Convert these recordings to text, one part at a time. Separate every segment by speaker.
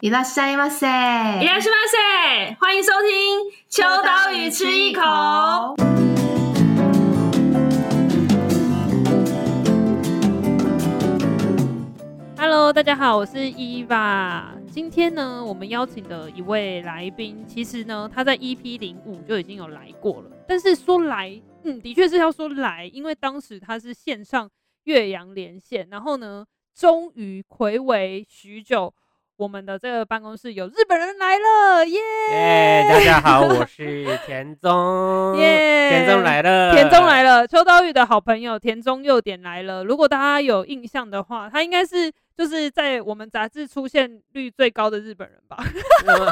Speaker 1: 伊拉西瑪塞，伊拉西瑪塞，歡迎收聽《秋刀魚吃一口》一口。Hello，大家好，我是伊娃。今天呢，我們邀請的一位來賓，其實呢，他在 EP 零五就已經有來過了。但是說來，嗯，的確是要說來，因為當時他是線上越洋連線，然後呢，終於暌違許久。我們的這個辦公室有日本人來了！耶、yeah!
Speaker 2: yeah,！大家好，我是田中，耶、 yeah,！田中來了，田中
Speaker 1: 來了。秋刀魚的好朋友田中佑典來了。如果大家有印象的話，他應該是就是在我們雜誌出現率最高的日本人吧？哈
Speaker 2: 哈哈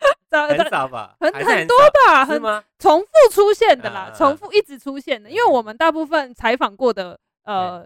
Speaker 2: 哈哈！ 很少吧？很很，很多吧？
Speaker 1: 是嗎？重複出現的啦，重複一直出現的，因為我們大部分採訪過的呃，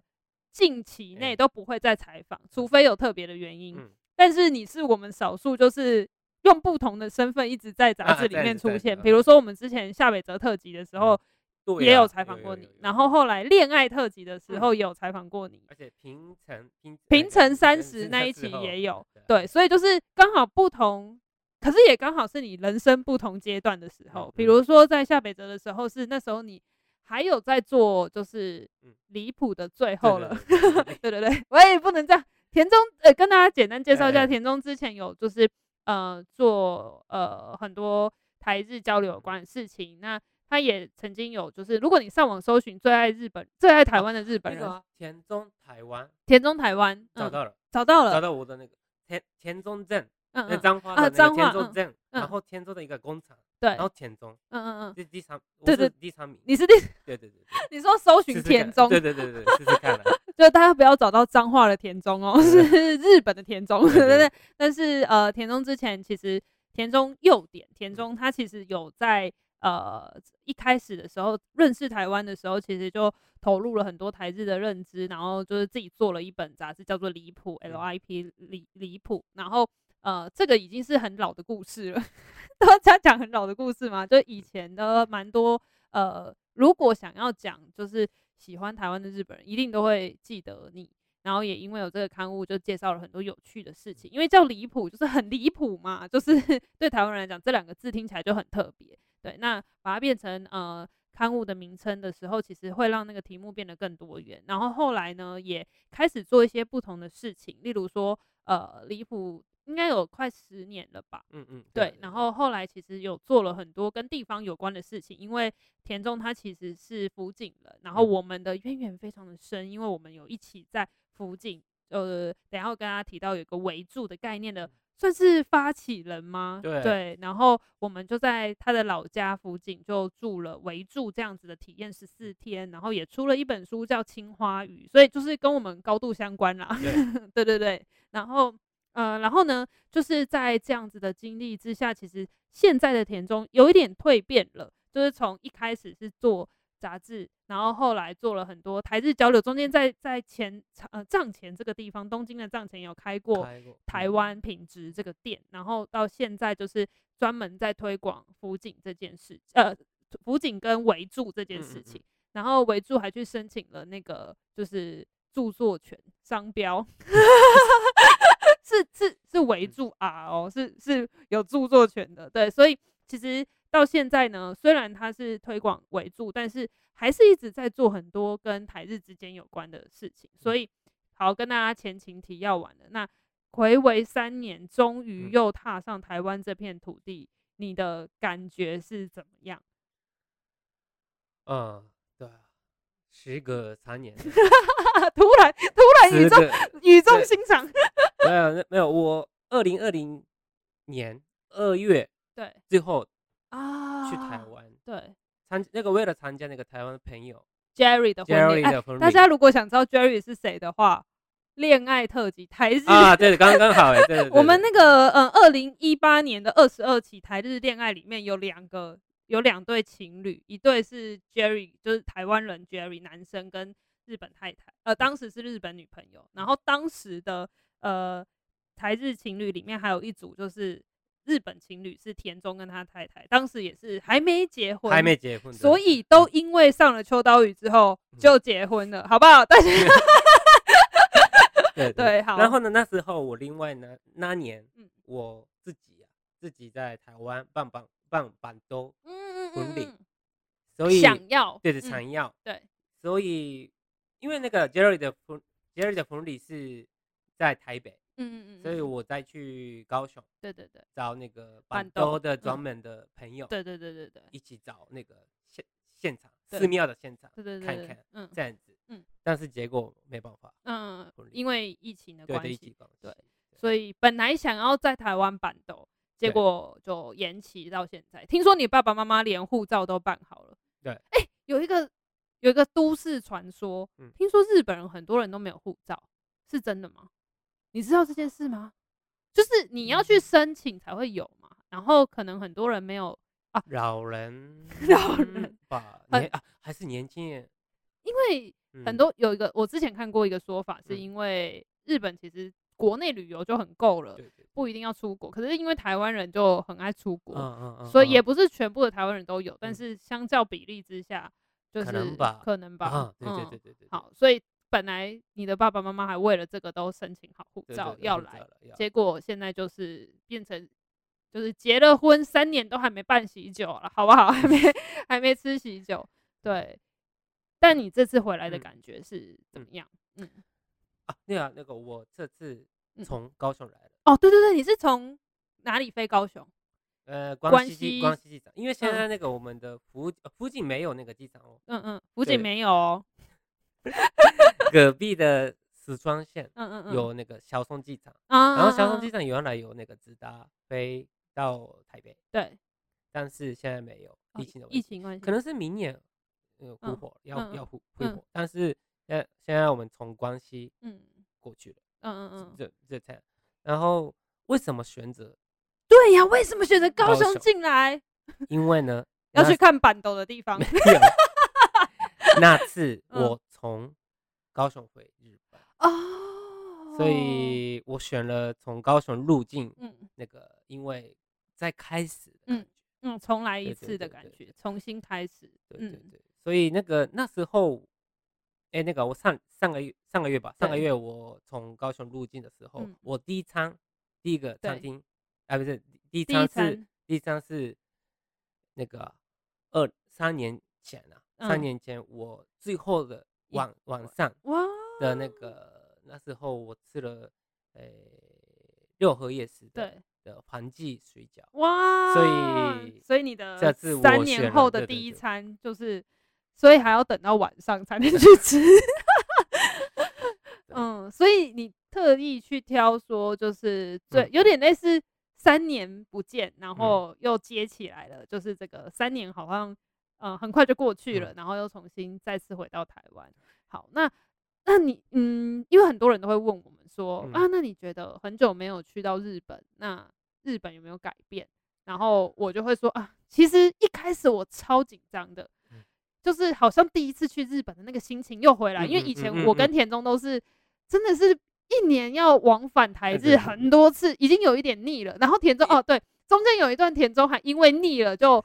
Speaker 1: 近期內都不會再採訪，除非有特別的原因。嗯但是你是我們少數，就是用不同的身份一直在雜誌裡面出現、啊啊。比如說我們之前下北澤特輯的時候、嗯，
Speaker 3: 對、啊，也有採訪過
Speaker 1: 你。然後後來戀愛特輯的時候也有採訪過你、嗯，而且平成平平成三十那一期也有，對，所以就是剛好不同，可是也剛好是你人生不同階段的時候、嗯。比如說在下北澤的時候是那時候你還有在做，就是離譜的最後了，嗯、對，對，對， 對對對，我也不能這樣。田中，呃、欸，跟大家簡單介紹一下，田中之前有就是呃做呃很多台日交流有關的事情，那他也曾經有就是，如果你上網搜尋最愛日本、最愛台灣的日本人、啊，田中台灣，田中台灣、嗯，找到了，找到了，
Speaker 2: 找到我的那個田田中正。嗯，嗯，彰化的那田中這樣，然後田中的一個工廠，對、嗯，然後田中，嗯嗯嗯，這是第三對對，第三名，你是第，對對對，你說搜尋田中試試，
Speaker 1: 對對對對，試試看 就大家不要找到彰化的田中哦， 是日本的田中， 對對，對。對。但是呃，田中之前其實田中佑典田中，他其實有在呃一開始的時候認識台灣的時候，其實就投入了很多台日的認知，然後就是自己做了一本雜誌叫做離譜 LIP 離離譜，然後。呃，這個已經是很老的故事了，大家講很老的故事嗎？就以前的蠻多。呃，如果想要講，就是喜歡台灣的日本人一定都會記得你。然後也因為有這個刊物，就介紹了很多有趣的事情。因為叫離譜，就是很離譜嘛，就是對台灣人來講，這兩個字聽起來就很特別。對，那把它變成呃刊物的名稱的時候，其實會讓那個題目變得更多元。然後後來呢，也開始做一些不同的事情，例如說，呃，離譜。應該有快十年了吧，嗯嗯，對，對。然後後來其實有做了很多跟地方有關的事情，因為田中他其實是福井的，然後我們的淵源非常的深，嗯，因為我們有一起在福井。呃，等下我跟他提到有個圍住的概念的，嗯，算是發起人嗎？對？對，然後我們就在他的老家福井就住了圍住這樣子的體驗十四天，然後也出了一本書叫《青花魚》，所以就是跟我們高度相關啦。對 對，對，對，對，然後。呃，然後呢，就是在這樣子的經歷之下，其實現在的田中有一點蛻變了，就是從一開始是做雜誌，然後後來做了很多台日交流，中間在在前呃藏前這個地方，東京的藏前有開過台灣品質這個店，嗯，然後到現在就是專門在推廣福井這件事，呃福井跟微住這件事情嗯嗯嗯，然後微住還去申請了那個就是著作權商標。 是是是，微住啊，哦，是是有著作權的，對，所以其實到現在呢，雖然他是推廣微住，但是還是一直在做很多跟台日之間有關的事情。所以，好，跟大家前情提要完了，那睽違三年，終於又踏上台灣這片土地、嗯，你的感覺是怎麼樣？
Speaker 2: 嗯，對，時隔三年，
Speaker 1: 突然突然語重語重心長。
Speaker 2: 沒有，沒有，我二零二零年二月之，對，最後
Speaker 1: 啊去台灣，對，
Speaker 2: 參那個為了參加那個台灣朋友
Speaker 1: Jerry 的婚禮，哎，大家如果想知道 Jerry 是誰的話，戀愛特輯台日啊，對，剛剛好，欸，對，對，對，我們那個呃二零一八年的二十二期台日戀，就是、愛裡面有兩個有兩對情侶，一對是 Jerry 就是台灣人 Jerry 男生跟日本太太，呃當時是日本女朋友，然後當時的。呃，台日情侶裡面還有一組，就是日本情侶是田中跟他太太，當時也是還沒結婚，還沒結婚，所以都因為上了秋刀魚之後就結婚了，嗯、好不好？但是 對對，對，對，好。然後
Speaker 2: 呢，那時候我另外呢，那年、嗯、我自己自己在台灣辦辦辦，辦周嗯，嗯嗯，婚禮，所以想要，對、就、想、是、要、嗯，對。所以因為那個 Jerry 的 Jerry 的婚禮是。在台北，嗯嗯嗯，所以我再去高雄，對對對，找那個板豆的專、嗯、門的朋友，對
Speaker 3: 對對對對，一
Speaker 2: 起找那個現現場，寺廟的現場，對對對、對，看一看，嗯，這樣子，嗯，但是結果沒辦法，嗯，因為疫情的關係，對，
Speaker 1: 所以本來想要在台灣板豆，結果就延期到現在。聽說你爸爸媽媽連護照都辦好了，對，哎、欸，有一個有一個都市傳說、嗯，聽說日本人很多人都沒有護照，是真的嗎？你知道這件事嗎？就是你要去申請才會有嘛，然後可能很多人沒有
Speaker 2: 啊。老人，老人吧， 人很啊，還是年輕人？
Speaker 1: 因為很多有一個，我之前看過一個說法，是因為日本其實國內旅遊就很夠了、嗯，不一定要出國。可是因為台灣人就很愛出國、嗯嗯嗯嗯，所以也不是全部的台灣人都有、嗯，但是相較比例之下，就是、可能吧，可能吧，嗯嗯、對對對對對，對。好，所以。本來你的爸爸媽媽還為了這個都申請好護照對對對要,來要來，結果現在就是變成就是結了婚三年都還沒辦喜酒了，好不好？還沒還沒吃喜酒，對。但你這次回來的感覺是怎麼樣？
Speaker 2: 嗯,嗯,嗯啊，對啊，那個我這次從高雄來
Speaker 1: 了、嗯。哦，對對對，你是從哪裡飛高雄？
Speaker 2: 呃，關西關西機場，因為現在那個我們的福福井、嗯呃、沒有那個機場哦。嗯嗯，福井
Speaker 1: 沒有哦。
Speaker 2: 隔壁的石川縣，嗯嗯，嗯有那個小松機場，啊、嗯嗯嗯嗯，然後小松機場原來有那個直達飛到台北，對，但是現在沒有、哦、疫情的問題關係，可能是明年那個復火、哦、要嗯嗯要復會火，但是現現在我們從關西嗯過去了，嗯嗯嗯，就這樣，然後為什麼選擇？
Speaker 1: 對呀，為什麼選擇高雄進來？
Speaker 2: 因為呢
Speaker 3: 要去看板斗的地方。沒有 那次我
Speaker 2: 從、嗯。高雄回日本哦、oh,，所以我選了從高雄入境，嗯，那個因為在開始的
Speaker 1: 感覺嗯，嗯嗯，重來一次的感覺，對對對對對重新開始，對對對，對、嗯，
Speaker 2: 所以那個那時候，哎、欸，那個我上上個月上個月吧，上個月我從高雄入境的時候，嗯、我第一餐第一個餐廳，哎，啊、不是第一餐是第一餐是那個二三年前了、啊嗯，三年前我最後的。晚晚上，的那個那時候我吃了、欸、六合夜市的對的黃記水餃，哇！所以所以你的三年後的第
Speaker 1: 一餐，就是，對對對就是，所以還要等到晚上才能去吃， 嗯，所以你特意去挑說就是，嗯，對，有點類似三年不見，然後又接起來了，嗯，就是這個三年好像。嗯、呃，很快就過去了，然後又重新再次回到台灣。好，那那你，嗯，因為很多人都會問我們說、嗯、啊，那你覺得很久沒有去到日本，那日本有沒有改變？然後我就會說啊，其實一開始我超緊張的、嗯，就是好像第一次去日本的那個心情又回來，嗯、因為以前我跟田中都是、嗯嗯嗯、真的是一年要往返台日很多次，已經有一點膩了。然後田中哦、嗯啊，對，中間有一段田中還因為膩了就。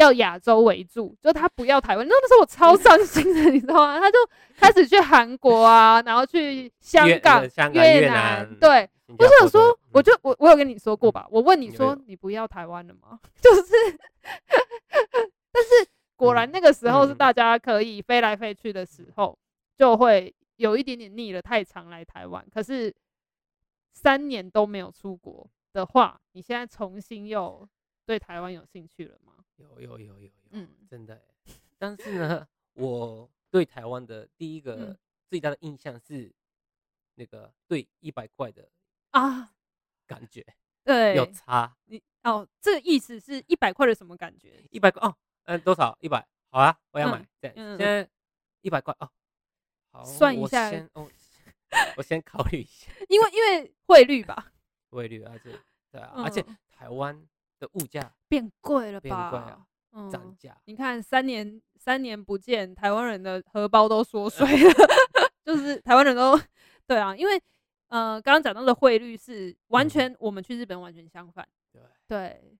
Speaker 1: 要亞洲為主，就他不要台灣。那個時候我超傷心的， 你知道嗎？他就開始去韓國啊，然後去香港、越，港越，南，越南。對，不是有說，說，我就我我有跟你說過吧？嗯、我問你說，你，你不要台灣了嗎？就是， 但是果然那個時候是大家可以飛來飛去的時候，嗯嗯、就會有一點點膩了。太常來台灣，可是三年都沒有出國的話，你現在重新又對台灣有興趣了嗎？有
Speaker 2: 有有有，有、嗯，真的。但是呢，我對台灣的第一個最大的印象是那個對一百塊的啊，感覺對有差。
Speaker 1: 你哦，這個意思是一百塊的什麼感覺？一百塊
Speaker 2: 哦，嗯，多少？一百，好啊，我要買。這、嗯、樣。現在一百塊哦好，算一下，我先、哦、我先考慮一下， 因為
Speaker 1: 因為匯率吧，
Speaker 2: 匯率啊，這對啊、嗯，而且台灣。的物價變貴了吧？漲價、嗯，
Speaker 1: 你看三年三年不見，台灣人的荷包都縮水了，呃、 就是台灣人都對啊，因為呃剛剛講到的匯率是完全、嗯、我們去日本完全相反，對，對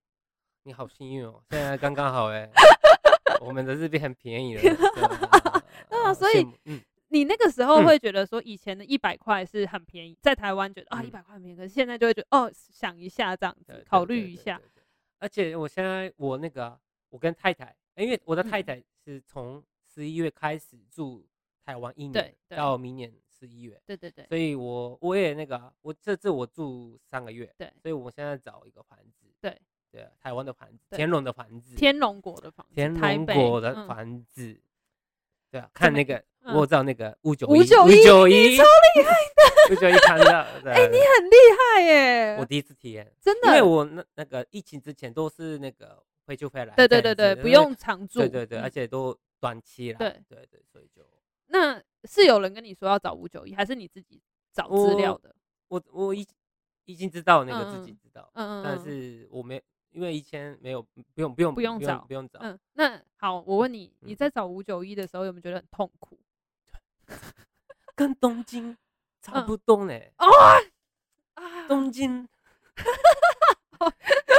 Speaker 1: 你
Speaker 2: 好幸運哦，現在剛剛好哎、欸， 我們的日幣很便宜了，
Speaker 1: 對啊，啊，啊，所以、嗯、你那個時候會覺得說以前的一百塊是很便宜，嗯、在台灣覺得啊一百塊很便宜，可是現在就會覺得哦想一下這樣子，考慮一下。
Speaker 2: 而且我現在我那個我跟太太，欸、因為我的太太是從十一月開始住台灣一年，嗯，到明年十一月，月，對對對，所以我我也那個我這次我住三個月，對，所以我現在找一個房
Speaker 1: 子，對
Speaker 2: 對，台灣的房子，天龍的房子，天龍國的房子，台北的房子，嗯，對啊，看那個。嗯、我知道那個五九一五九一超厲害的，五九一看到，哎、欸，你
Speaker 1: 很厲害耶！我
Speaker 2: 第一次體驗，真的，因為我那那個疫情之前都是那個飛就飛來，對對對對，對對對對對對不用常住，對對對，嗯、而且都短期了。對
Speaker 1: 對對，所以就那是有人跟你說要找五九一，還是你自己找資料
Speaker 2: 的？我我已已經知道那個自己知道，嗯嗯，但是我沒因為以前沒有不用不用不用找不，不，不，不，不用找，嗯，
Speaker 1: 那好，我問你，你在找五九一的時候、嗯、有沒有覺得很痛苦？ 跟東京差不多嘞、嗯哦、啊,啊！東京，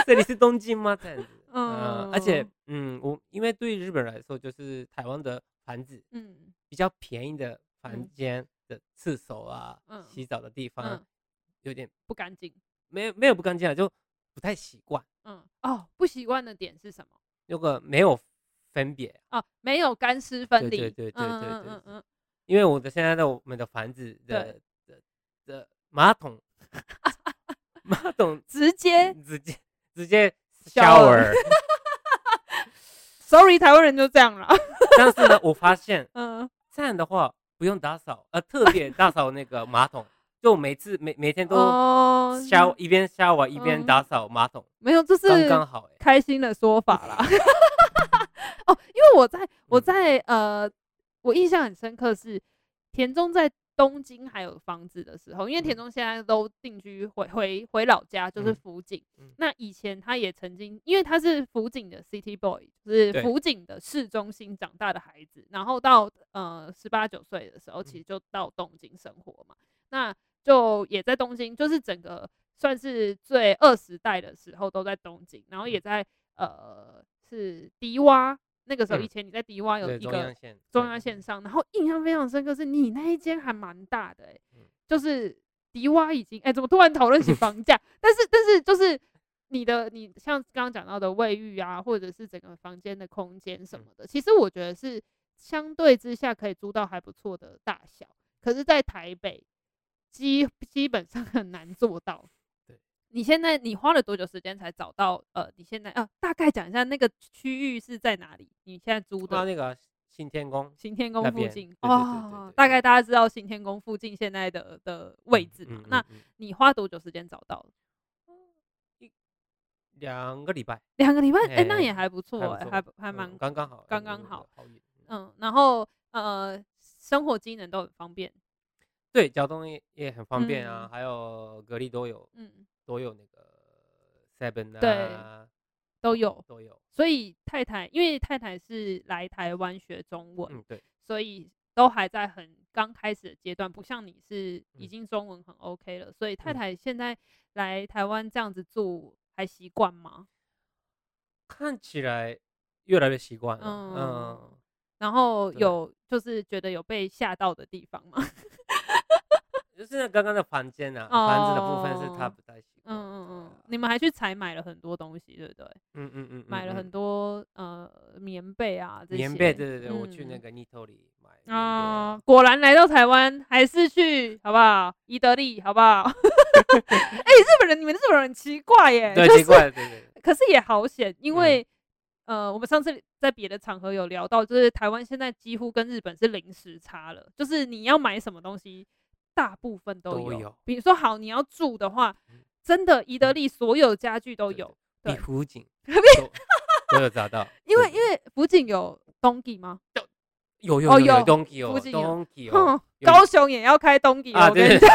Speaker 2: 這 裡 是東京嗎？這樣子，嗯、呃，而且，嗯，我因為對日本來說，就是台灣的房子，嗯，比較便宜的房間的廁所啊、嗯，洗澡的地方、嗯、有點不乾淨，沒有沒有不乾淨的，就不太習慣，嗯，
Speaker 1: 哦，不習慣的點是什麼？
Speaker 2: 有個沒有分別
Speaker 1: 啊、哦，沒有乾濕分離，對對對對對,對,對、嗯，嗯嗯
Speaker 2: 因為我的現在的我們的房子的的的馬桶，
Speaker 1: 馬桶直接
Speaker 2: 直接直接 shower，sorry
Speaker 1: 台灣人就這樣了。 但是呢，
Speaker 2: 我發現，嗯，這樣的話不用打掃，呃，特別打掃那個馬桶，就每次每每天都 shower，嗯、一邊 shower 一邊打掃馬桶、嗯，沒有，這、就是剛剛好
Speaker 1: 開心的說法啦。 哦，因為我在我在、嗯、呃。我印象很深刻是田中在東京還有房子的時候，因為田中現在都定居回回回老家，就是福井、嗯嗯。那以前他也曾經，因為他是福井的 City Boy，是福井的市中心長大的孩子，然後到呃十八九歲的時候，其實就到東京生活嘛、嗯。那就也在東京，就是整個算是最二十代的時候都在東京，然後也在呃是低窪。那個時候，以前你在迪瓦有一個中央線上，然後印象非常深刻是你那一間還蠻大的哎、欸，就是迪瓦已經哎、欸，怎麼突然討論起房價？但是但是就是你的你像剛剛講到的衛浴啊，或者是整個房間的空間什麼的，其實我覺得是相對之下可以租到還不錯的大小，可是，在台北基基本上很難做到。你現在你花了多久時間才找到？呃，你現在啊、呃，大概講一下那個區域是在哪裡？你現在租的？那、啊、那個新天宮，新天宮附近。哇、哦，大概大家知道新天宮附近現在的的位置嘛？嗯嗯嗯嗯、那你花多久時間找到？一、嗯、
Speaker 2: 兩、嗯嗯嗯嗯、個禮拜，兩個禮拜，哎，那也還不錯、欸，還還蠻剛剛好，剛剛
Speaker 1: 好，好。嗯，然後呃，生活機能都很方便，
Speaker 2: 對，交通也也很方便啊，嗯、還有格力都有，嗯。所有那個 Seven、啊、對，
Speaker 1: 都有都有，所以太太，因為太太是來台灣學中文，嗯對，所以都還在很剛開始的階段，不像你是已經中文很 OK 了，嗯、所以太太現在來台灣這樣子住還習慣嗎？看
Speaker 2: 起來越來越習慣。
Speaker 1: 嗯，然後有就是覺得有被嚇到的地方嗎？
Speaker 2: 就是剛剛的房間啊，房、哦、子的部分是他不太。
Speaker 1: 嗯嗯嗯，你們還去採買了很多東西，對不對？嗯嗯嗯，嗯，買了很多、嗯、呃棉被啊這些。棉被，
Speaker 2: 對對對、嗯，我去那個尼托里
Speaker 1: 買。啊、嗯，果然來到台灣還是去好不好？宜得利好不好？哎、 欸，日本人，你們日本人很奇怪耶，對，就是、奇怪，對，對對。可是也好險，因為、嗯、呃，我們上次在別的場合有聊到，就是台灣現在幾乎跟日本是零時差了，就是你要買什麼東西，大部分都有。都有。比如說，好，你要住的話。嗯真的宜得利所有家具都有，
Speaker 2: 對比福井 都、都有找到。
Speaker 1: 因為因為福井有東吉嗎？有有有東吉福有、哦有、有、有、有、嗯、有高雄也要開東吉、哦，啊冬季哦、對對對，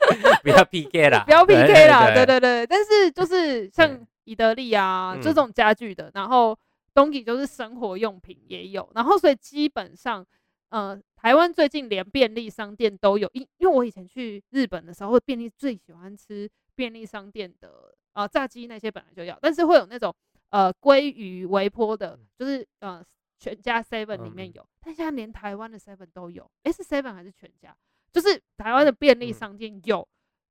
Speaker 1: 我跟你講， 不要 PK 啦， 不要 PK 啦。對對對、對對對，但是就是像宜得利啊，這種家具的，然後東吉就是生活用品也有，然後所以基本上，嗯、呃。台灣最近連便利商店都有，因因為我以前去日本的時候，便利最喜歡吃便利商店的呃炸雞那些本來就要，但是會有那種呃鮭魚微波的，就是呃全家 seven 裡面有，但現在連台灣的 seven 都有，是 seven 還是全家？就是台灣的便利商店有、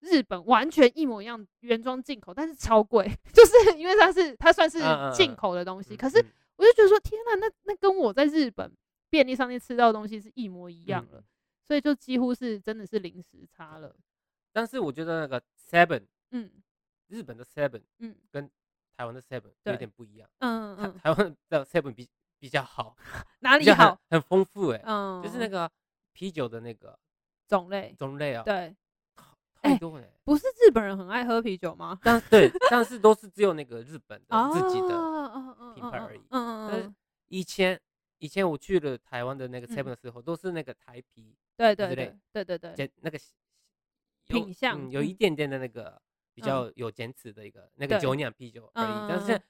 Speaker 1: 嗯、日本完全一模一樣原裝進口，但是超貴，就是因為它是它算是進口的東西啊啊啊，可是我就覺得說天哪、啊，那那跟我在日本。便利商店吃到的東西是一模一樣的，嗯嗯，所以就幾乎是真的是零時差了。
Speaker 2: 但是我覺得那個 Seven、嗯、日本的 Seven、嗯、跟台灣的 Seven、嗯、有點不一樣。嗯、嗯台灣的 Seven 比比較好，哪裡好？很豐富哎、欸嗯，就是那個啤酒的那個
Speaker 1: 種類，種類啊、喔，對，好、欸、多哎、欸。不是日本人很愛喝啤酒嗎？但 對，但是都是只有那個日本的自己的品牌而已。嗯
Speaker 2: 嗯以前。嗯嗯以前我去了台灣的那個 seven 的時候、嗯，都是那個台啤，對對對對對對，對對對，那個有品相、嗯、有一點點的那個比較有堅持的一個、嗯、那個酒釀啤酒而已。但是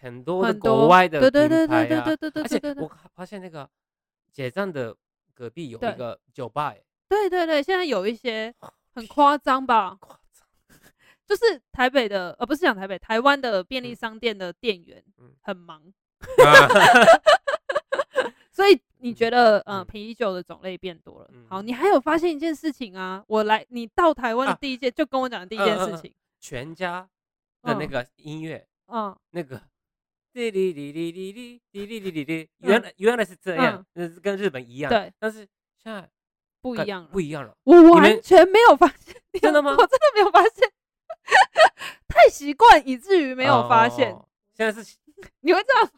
Speaker 2: 很多的國外的品牌、啊、對對對對對，而且我發現那個結賬的隔壁有一個酒吧。對，
Speaker 1: 對對對，現在有一些很誇張吧、啊，就是台北的呃不是講台北，台灣的便利商店的店員、嗯、很忙。嗯 所以你覺得，嗯、呃，啤酒的種類變多了。嗯、好，你還有發現一件事情啊？我來，你到台灣的第一件，啊、就跟我講的第一件事情，
Speaker 2: 啊啊啊、全家的那個音樂，啊、哦，那個，滴滴滴滴滴滴滴滴滴滴，哩，原來原來是這樣，那、嗯、是跟日本一樣，對，但是
Speaker 1: 現在不一樣了，不一樣了，不一樣了。我完全沒有發現，你真的嗎？我真的沒有發現， 太習慣以至於沒有發現、哦。現在是，你會這樣？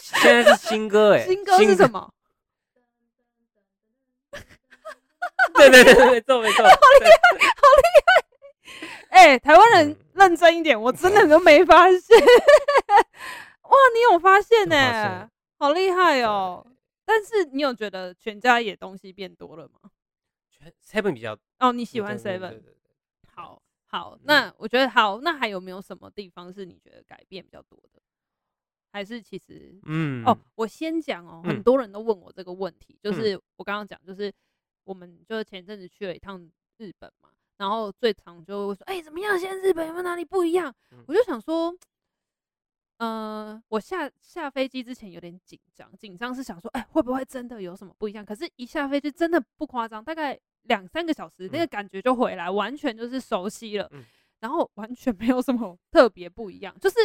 Speaker 2: 現在是新歌哎、欸，新歌
Speaker 1: 是什麼？ 對對
Speaker 2: 對對，做
Speaker 1: 沒做？ 好,厲害 好厲害，好厲害！哎、欸，台灣人認真一點，我真的都沒發現。 哇，你有發現呢、欸？好厲害哦、喔！但是你有覺得全家也東西變多了嗎
Speaker 2: ？Seven 比較哦，oh, 你喜歡 Seven？對
Speaker 1: 對對。好好，那我覺得好。那還有沒有什麼地方是你覺得改變比較多的？還是其實，嗯，哦、喔，我先講哦、喔，嗯，很多人都問我這個問題，就是我剛剛講，就是我們就是前陣子去了一趟日本嘛，然後最常就會說，哎、欸，怎麼樣？現在日本有沒有哪裡不一樣？嗯、我就想說，嗯、呃，我下下飛機之前有點緊張，緊張是想說，哎、欸，會不會真的有什麼不一樣？可是，一下飛機真的不誇張，大概兩三個小時，那個感覺就回來，嗯、完全就是熟悉了、嗯，然後完全沒有什麼特別不一樣，就是。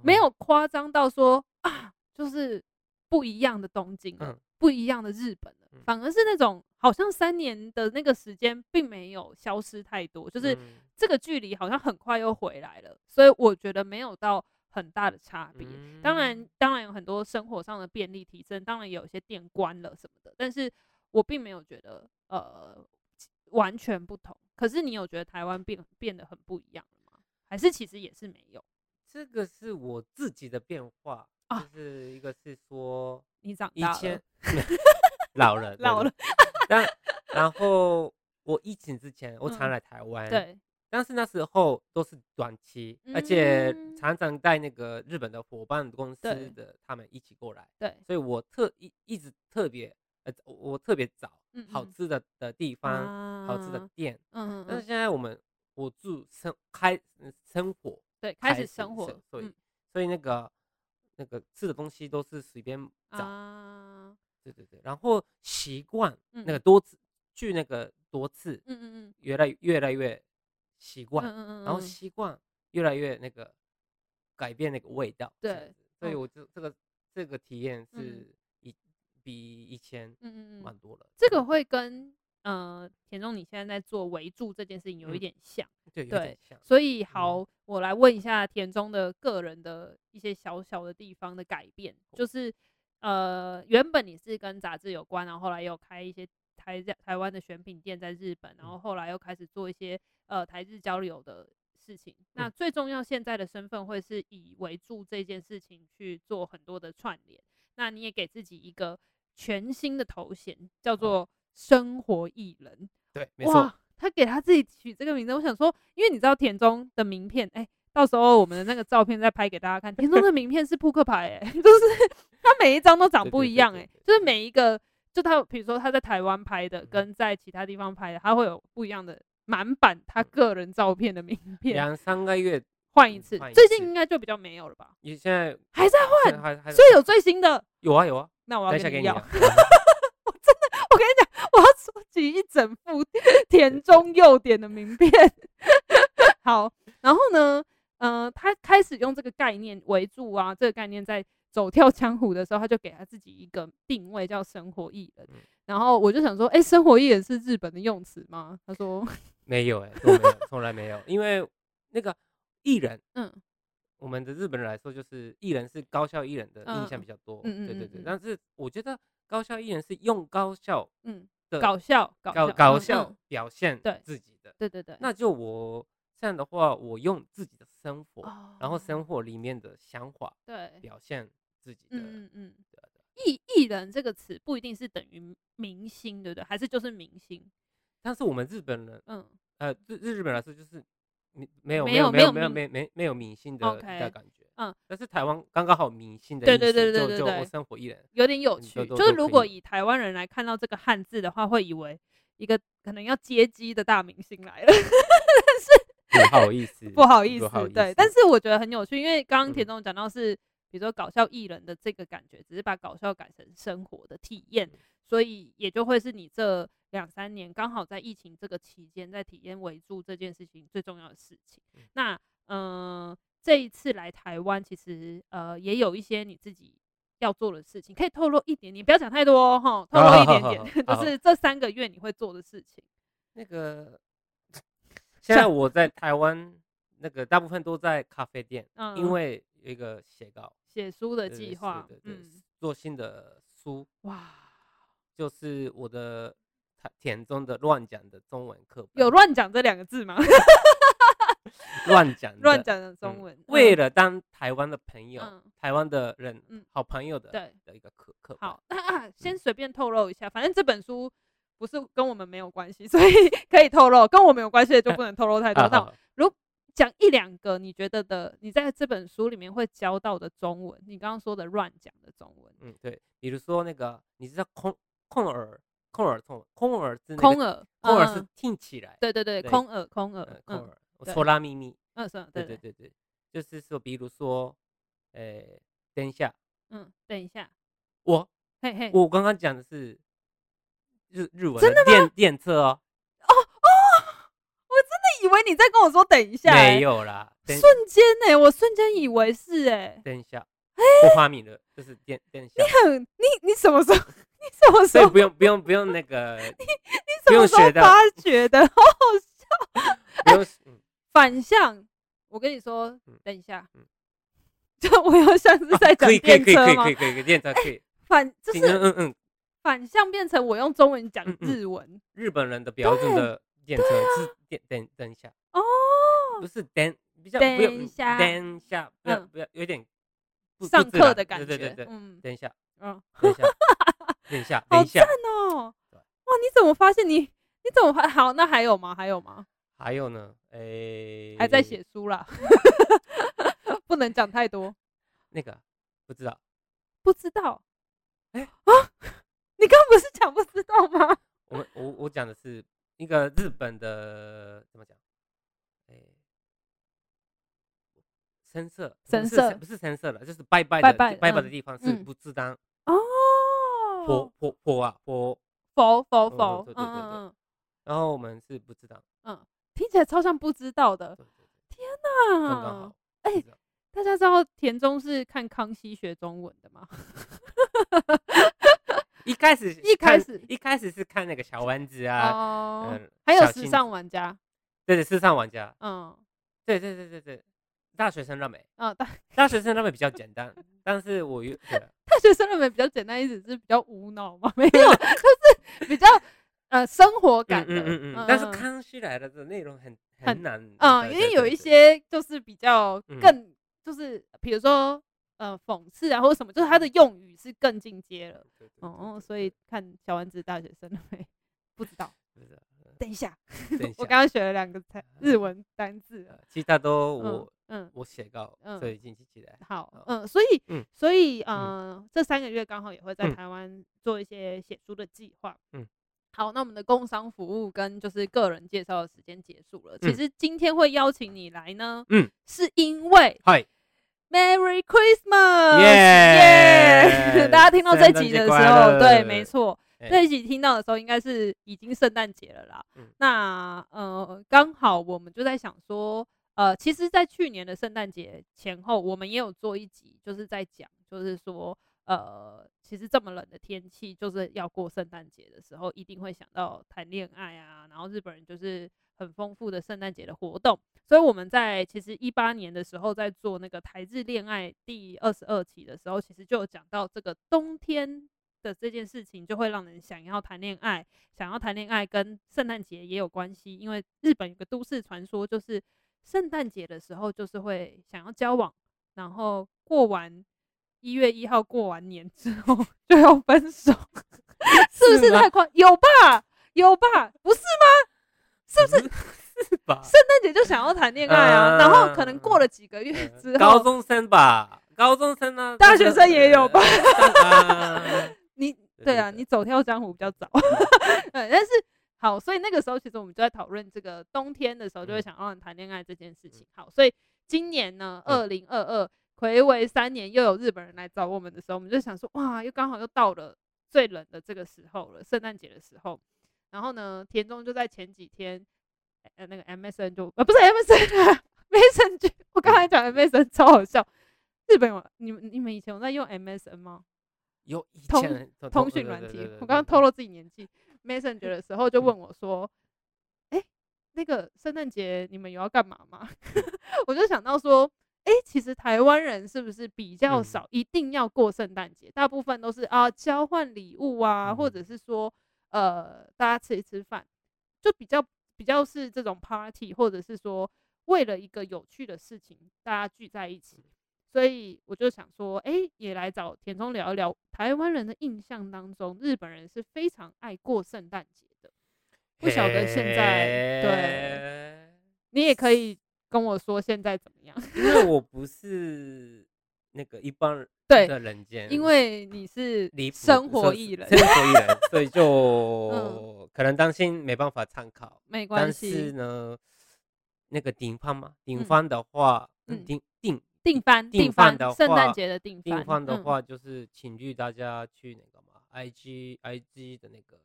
Speaker 1: 沒有誇張到說啊，就是不一樣的東京、嗯、不一樣的日本。反而是那種好像三年的那個時間並沒有消失太多，就是這個距離好像很快又回來了，所以我覺得沒有到很大的差別。嗯、當然，當然有很多生活上的便利提升，當然有一些店關了什麼的，但是我並沒有覺得呃完全不同。可是你有覺得台灣變變得很不一樣嗎？還是其實也是沒有？
Speaker 2: 這個是我自己的變化、啊、就是一個是說以前老了 老了，老了 但然後我疫情之前我常來台灣、嗯，對，但是那時候都是短期、嗯，而且常常帶那個日本的夥伴公司的、嗯、他們一起過來，對，所以我特一一直特別呃，我特別找、嗯嗯、好吃的的地方、啊，好吃的店，嗯，但是現在我們我住生開生活。對，開始生活，所以、嗯，所以那個那個吃的東西都是隨便
Speaker 1: 找、啊，對對對，
Speaker 2: 然後習慣那個多次、嗯、去那個多次，嗯嗯嗯，越來越來越習慣、嗯嗯嗯，然後習慣越來越那個改變那個味道，對，是是所以我就這個這個體驗是比、嗯、比以前嗯嗯嗯蠻多
Speaker 1: 了，這個會跟。呃，田中你現在在做微住這件事情有一點像，嗯、點像，對對，所以好、嗯，我來問一下田中的個人的一些小小的地方的改變，就是呃，原本你是跟雜誌有關，然後後來又開一些台在台灣的選品店在日本，然後後來又開始做一些、嗯、呃台日交流的事情、嗯。那最重要現在的身份會是以微住這件事情去做很多的串聯，那你也給自己一個全新的頭銜，叫做、嗯。生活藝人
Speaker 3: 對，沒錯。哇，
Speaker 1: 他給他自己取這個名字，我想說，因為你知道田中的名片，哎、欸，到時候我們的那個照片再拍給大家看，田中的名片是撲克牌、欸，哎， 都是他每一張都長不一樣、欸，哎，就是每一個，就他，比如說他在台灣拍的，跟在其他地方拍的，嗯、他會有不一樣的滿版他個人照片的名片，
Speaker 2: 兩三個月換一,一次，最近
Speaker 1: 應該就比較沒有了吧？
Speaker 2: 你現，現在還在換，所以有最新的，有啊有啊，那我要要等一下給你、啊， 我
Speaker 1: 真的，我跟你講。我要收集一整副田中佑典的名片 好，然後呢，嗯、呃，他開始用這個概念為主啊，這個概念在走跳江湖的時候，他就給他自己一個定位叫生活藝人、嗯。然後我就想說，哎、欸，生活藝人是日本的用詞嗎？他說
Speaker 2: 沒有、欸、沒有，哎，從來沒有，因為那個藝人，嗯，我們的日本人來說，就是藝人是搞笑藝人的印象比較多，嗯，嗯，嗯，嗯對對對，但是我覺得搞笑藝人是用搞笑，嗯。搞笑，搞笑搞，搞笑、嗯、表現自己的對，對對對，那就我這樣的話，我用自己的生活，哦，然後生活裡面的想法，對，表現自己
Speaker 1: 的，嗯嗯對對，藝藝人這個詞不一定是等於明星，對不對？還是就是明星？但是我們日本人，嗯、
Speaker 2: 呃，日日本人來說就是。你沒有沒有沒有沒有沒有沒有沒有沒有沒有沒有明星的感覺，嗯，但是台灣剛剛好
Speaker 1: 明星的意思，對對對，對對對對對對，生活藝人有點有趣，就是如果以台灣人來看到這個漢字的話，會以為一個可能要接機的大明星來了， 但
Speaker 2: 是不好意思，不好意思，不好意思，對，但
Speaker 1: 是我覺得很有趣，因為剛剛田中講到是。嗯比如說搞笑藝人的這個感覺，只是把搞笑改成生活的體驗，所以也就會是你這兩三年剛好在疫情這個期間，在體驗圍住這件事情最重要的事情。嗯，那嗯、呃，這一次來台灣，其實呃也有一些你自己要做的事情，可以透露一點點，你不要講太多哦，透露一點點 oh, oh, oh, oh, oh, 就，就是這三個月你會做的事情。那
Speaker 2: 個，現在我在台灣，那個大部分都在咖啡店，嗯、因為有一個寫稿。
Speaker 1: 寫書的計劃、嗯，
Speaker 2: 做新的書，哇，就是我的田中的亂講的中文課，
Speaker 3: 有亂講這兩個字嗎？亂 講，亂講的中文、嗯，為
Speaker 2: 了當台灣的朋友，嗯、台灣的人、嗯，好朋友的，對，的一個
Speaker 1: 課課，好，啊嗯、先隨便透露一下，反正這本書不是跟我們沒有關係，所以可以透露，跟我們有關係的就不能透露太多。那如、啊講一兩個你覺得的，你在這本書裡面會教到的中文，你剛剛說的亂講的中文。
Speaker 2: 嗯，對，比如說那個你知道空“空空耳”“空耳”“空空耳”是、那個？空耳，空耳是聽起來。嗯、對對對、嗯，空耳，空耳，空耳。我說拉咪咪。嗯，是。對對對對，就是說，比如說，誒、呃，等一下，嗯，
Speaker 1: 等一下，我，嘿嘿，我
Speaker 2: 剛剛講的是日、就是、日文的電電車。真的嗎？
Speaker 1: 以為你在跟我說等、欸等欸我欸，等一下，沒有啦，瞬間哎，我瞬間以為是哎，
Speaker 2: 等一下，哎，我花米的，就是電，等下，你
Speaker 1: 很，你你什麼時候，你什麼時候，
Speaker 2: 不用不用不用那個，
Speaker 1: 你你什麼時候發覺的， 好好笑不用、欸嗯，反向，我跟你說，嗯、等一下，嗯嗯、就
Speaker 3: 我要像是在
Speaker 1: 講電車、啊、可以可以可以可
Speaker 2: 以可以電車可以，欸、
Speaker 1: 反就是嗯嗯嗯，反向變成我用中文講日文嗯
Speaker 2: 嗯，日本人的標準的。電車、啊、是電，等等一下哦，不是等，不要等一下，oh, 等下，不要,不要,、嗯、不,要不要，有點上課的感覺，對,對對對，嗯，等一下，嗯，
Speaker 3: 等一下，等一下，好讚哦、
Speaker 1: 喔！哇，你怎麼發現你？你怎麼還好？那還有嗎？還有嗎？
Speaker 2: 還有呢？哎、欸，還在
Speaker 1: 寫書啦， 不能講太多。
Speaker 2: 那個不知道，
Speaker 1: 不知道，哎、欸、啊，你剛剛不是講不知道嗎？
Speaker 2: 我我我講的是。一個日本的怎麼講？哎、欸，深色，
Speaker 3: 深色不是，不是深色的，就是拜拜的，白
Speaker 2: 白白白的地方、嗯、是不知道、嗯嗯、哦，
Speaker 1: 佛、
Speaker 2: 佛、佛啊、佛、
Speaker 1: 佛、佛。薄佛，嗯嗯
Speaker 2: 嗯，然後我們是不，是不知道，嗯，
Speaker 1: 聽起來超像不知道的，嗯道的嗯、對對對，天哪！剛剛好，哎、欸，大家知道田中是看康熙學中文的嗎？ 一開始，一開始，一開始是
Speaker 2: 看那個小丸子啊、oh, 嗯，還有時尚玩家，對對，時尚玩家，嗯，
Speaker 1: 對對對對對，
Speaker 2: 大學生了沒，啊、oh, 大大學生了沒比較簡單， 但是我又、
Speaker 1: 啊，大學生了沒比較簡單，意思是比較無腦嘛。沒有， 就是比較呃生活感的，嗯嗯,嗯,嗯,嗯，但是康
Speaker 2: 熙來了的內容很很,很難，嗯，因為有一些
Speaker 1: 就是比較更，嗯、就是比如說。呃，諷刺啊，或者什麼，就是他的用語是更進階了。哦哦，所以看小丸子大學生了沒？不知道。對對對對等一下，一下 我剛剛學了兩個台日文單字其、嗯嗯、其他都我嗯，我寫到、嗯，所以
Speaker 2: 已經起來。好，嗯，所以，嗯、
Speaker 1: 所以、呃，嗯，這三個月剛好也會在台灣做一些寫書的計劃。嗯，好，那我們的工商服務跟就是個人介紹的時間結束了、嗯。其實今天會邀請你來呢，嗯，是因為，Merry Christmas！耶、yeah! yeah！大家聽到這集的時候，對，沒錯、欸，這一集聽到的時候，應該是已經聖誕節了啦。嗯、那呃，剛好我們就在想說，呃，其實，在去年的聖誕節前後，我們也有做一集，就是在講，就是說，呃，其實這麼冷的天氣，就是要過聖誕節的時候，一定會想到談戀愛啊。然後日本人就是很豐富的聖誕節的活動。所以我們在其實一八年的時候，在做那個台日戀愛第二十二期的時候，其實就有講到這個冬天的這件事情，就會讓人想要談戀愛。想要談戀愛跟聖誕節也有關係，因為日本有個都市傳說，就是聖誕節的時候就是會想要交往，然後過完一月一號過完年之後就要分手，
Speaker 3: 是，是不是太
Speaker 1: 快？有吧？有吧？不是嗎？是不是？ 聖誕節就想要談戀愛啊,啊，然後可能過了幾個月之後，高中
Speaker 2: 生吧，
Speaker 1: 高中生呢、啊，大學生也有吧、啊， 你對啊，你走跳江湖比較早，對，但是好，所以那個時候其實我們就在討論這個冬天的時候就會想要談戀愛這件事情。好，所以今年呢，二零二二，睽違三年又有日本人來找我們的時候，我們就想說，哇，又剛好又到了最冷的這個時候了，聖誕節的時候，然後呢，田中就在前幾天。呃，那個 MSN 就不是 MSN，Messenger。MSN 啊 Messenger, 我剛才講 MSN 超好笑。日本，你們你們以前有在用 MSN 嗎？
Speaker 2: 有，以前通訊軟件。我剛剛透露自己年紀
Speaker 1: ，Messenger 的時候就問我說：“哎、嗯欸，那個聖誕節你們有要幹嘛嗎？”嗯、 我就想到說：“哎、欸，其實台灣人是不是比較少一定要過聖誕節？大部分都是啊交換禮物啊，或者是說呃大家吃一吃飯，就比較。”比較是這種 party，或者是說為了一個有趣的事情，大家聚在一起。所以我就想說，哎、欸，也來找田中聊一聊台灣人的印象當中，日本人是非常愛過聖誕節的。
Speaker 2: 不曉得現在、欸，對，
Speaker 1: 你也可以跟我說現在怎麼樣
Speaker 2: 因為我不是。那個一般人
Speaker 1: 對的人間，因為你是生活藝人，生活藝人，
Speaker 2: 所以就、嗯、可能擔心沒辦法參考。沒關係呢，那個定番嘛，定番的話，定定定番，定番的聖誕節的定番的話，的的話就是請去大家去那個嘛、嗯、，I G I G 的那個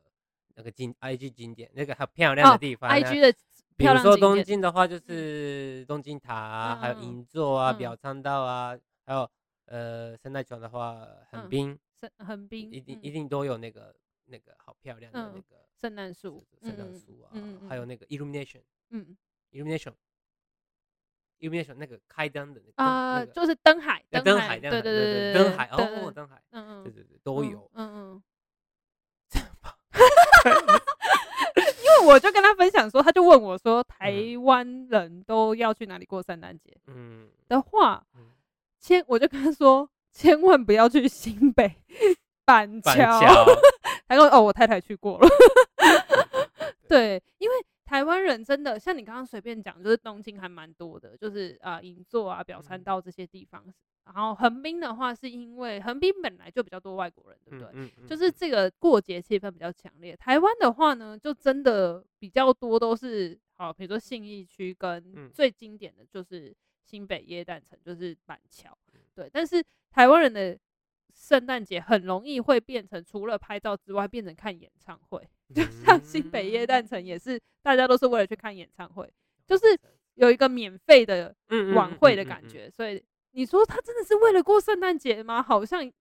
Speaker 2: 那個景，I G 景點那個很漂亮的地方、哦、，I G 的漂亮，比如說東京的話，就是東京塔啊，哦、還有銀座啊，嗯、表參道啊。還有呃，聖誕村的話，橫濱，橫、嗯、濱，一定、嗯、一定都有那個、嗯、那個好漂亮的那
Speaker 1: 個聖誕樹，聖誕樹啊、嗯嗯，還有
Speaker 2: 那個 illumination，嗯，illumination，illumination illumination，那個開燈的那啊、個呃那
Speaker 3: 個，就是燈海，燈、那個、海，亮的燈海哦，燈海，嗯嗯，對對對，嗯、都有，嗯嗯，這
Speaker 1: 樣吧，因為我就跟他分享說，他就問我說，嗯、台灣人都要去哪裡過聖誕節？嗯，的、嗯、話。先，我就跟他說，千萬不要去新北板橋。他說：“哦，我太太去過了。”對,對,對,對，因為台灣人真的像你剛剛隨便講，就是東京還蠻多的，就是啊呃、銀座啊表參道這些地方。嗯、然後橫濱的話，是因為橫濱本來就比較多外國人，對不對嗯嗯嗯嗯嗯？就是這個過節氣氛比較強烈。台灣的話呢，就真的比較多都是啊、呃，比如說信義區跟最經典的就是。新北耶誕城就是板橋，對。但是台灣人的聖誕節很容易會變成除了拍照之外，變成看演唱會。就像新北耶誕城也是，大家都是為了去看演唱會，就是有一個免費的晚會的感覺。所以你說他真的是為了過聖誕節嗎？好像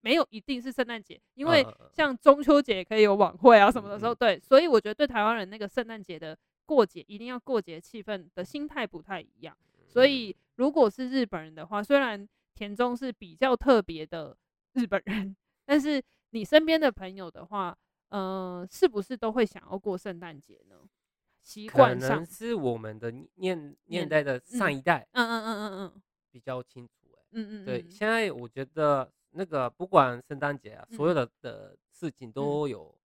Speaker 1: 沒有一定是聖誕節，因為像中秋節也可以有晚會啊什麼的時候，對。所以我覺得對台灣人那個聖誕節的過節，一定要過節氣氛的心態不太一樣。所以，如果是日本人的話，雖然田中是比較特別的日本人，但是你身邊的朋友的話，呃，是不是都會想要過聖誕節呢？習
Speaker 2: 慣上可能是我們的年年代的上一代，嗯嗯嗯嗯嗯，比較清楚、欸，嗯嗯，對嗯，現在我覺得那個不管聖誕節啊、嗯，所有的的事情都有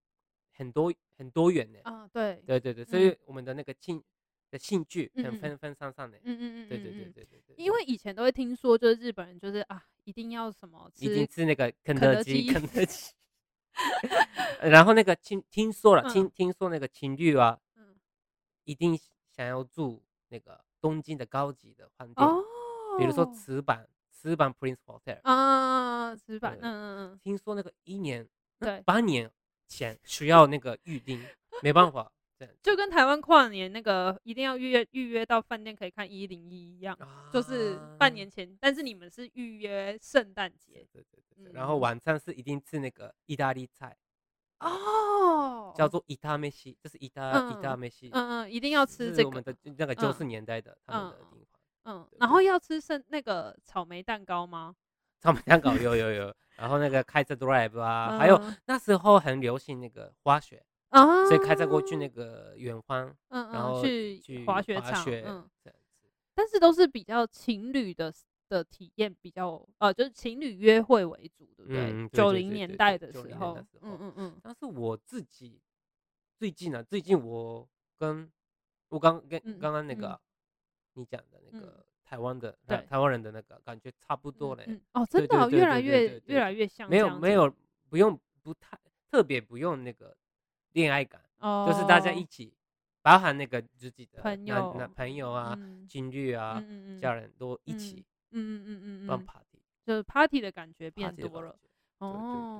Speaker 2: 很多、嗯、很多元的、欸，啊，對，對對對，嗯、所以我們的那個親。的興趣很分分散散的，嗯嗯嗯，對對，
Speaker 1: 對對對對對。因為以前都會聽說，就是日本人就是啊，一定要什麼，一定吃那個肯德基、肯德基、
Speaker 2: 德基 然後那個聽聽說了，嗯，聽聽說那個情侶啊，嗯，一定想要住那個東京的高級的飯店，
Speaker 3: 哦，比如說
Speaker 2: 赤坂、赤坂 Prince Hotel 啊，赤坂嗯
Speaker 1: 嗯嗯，
Speaker 2: 聽說那個一年，嗯，
Speaker 1: 對
Speaker 2: 八年前需要那個預定，沒辦法。
Speaker 1: 就跟台灣跨年那個一定要預約預約到飯店可以看一零一一樣、啊，就是半年前，但是你們是預約聖誕節，然後晚
Speaker 2: 餐是一定吃那個意大利菜、
Speaker 3: 嗯、哦，叫做
Speaker 2: 伊他梅西，就是伊他伊他梅西，嗯嗯，嗯，嗯，一定要吃這個。是我們的那個九十年代的，嗯他們的嗯，
Speaker 1: 嗯，然後要吃聖，那個草莓蛋糕嗎？
Speaker 2: 草莓蛋糕有有有， 然後那個開着 drive 啊、嗯，還有那時候很流行那個滑雪。
Speaker 3: 啊、uh -huh.，所以開車過
Speaker 2: 去那個遠方，嗯、uh -huh. 然後去滑雪場，嗯，這樣
Speaker 3: 子。
Speaker 1: 但是都是比較情侶的的體驗，比較呃，就是情侶約會為主，對不對？九、嗯、零年代、年代的時候，嗯嗯嗯。但是我自
Speaker 2: 己最近呢，最近我跟我剛跟剛剛那個、嗯嗯、你講的那個台灣的、嗯對啊、台灣人的那個感覺差不多嘞、嗯嗯。哦，真的越來越越來越像。沒有沒有，不用不太特別，不用那個。戀愛感，oh, 就是大家一起，包含那個自己的那朋，朋友啊、嗯、情侶啊、嗯、家人都一起，嗯嗯嗯嗯，嗯
Speaker 1: party，就是 party 的感覺變多了，哦，對對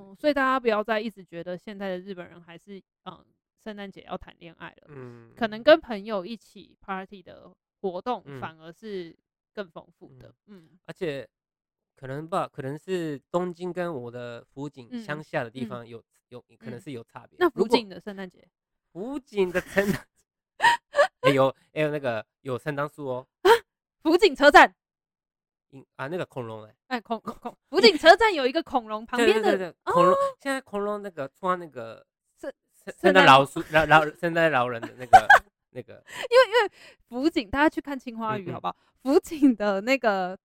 Speaker 1: 對對，所以大家不要再一直覺得現在的日本人還是嗯，聖誕節要談戀愛了，嗯，可能跟朋友一起 party 的活動反而是更豐富的，嗯，嗯
Speaker 2: 嗯，而且可能吧，可能是東京跟我的福井鄉下的地方、嗯、有。有可能是有差別、嗯。那福
Speaker 1: 井的聖誕節，福井的聖誕
Speaker 2: 節，哎、 欸、有哎、欸、有那個有聖誕樹哦，啊，
Speaker 1: 福井車站，
Speaker 2: 啊那個恐龍哎哎恐
Speaker 1: 恐恐，福、欸、井車站有一個恐龍 旁邊的恐龍、
Speaker 2: 哦，現在恐龍那個穿那個聖聖誕老人聖聖誕老人的那個 那個，
Speaker 1: 因為因為福井大家去看青花魚、嗯、好不好？福井的那個。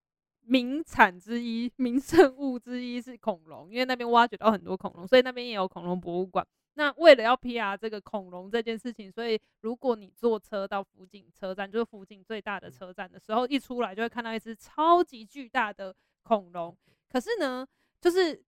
Speaker 1: 名產之一，名勝物之一是恐龍，因為那邊挖掘到很多恐龍，所以那邊也有恐龍博物館。那為了要 P R 這個恐龍這件事情，所以如果你坐車到福井車站，就是附近最大的車站的時候，一出來就會看到一隻超級巨大的恐龍，嗯。可是呢，就是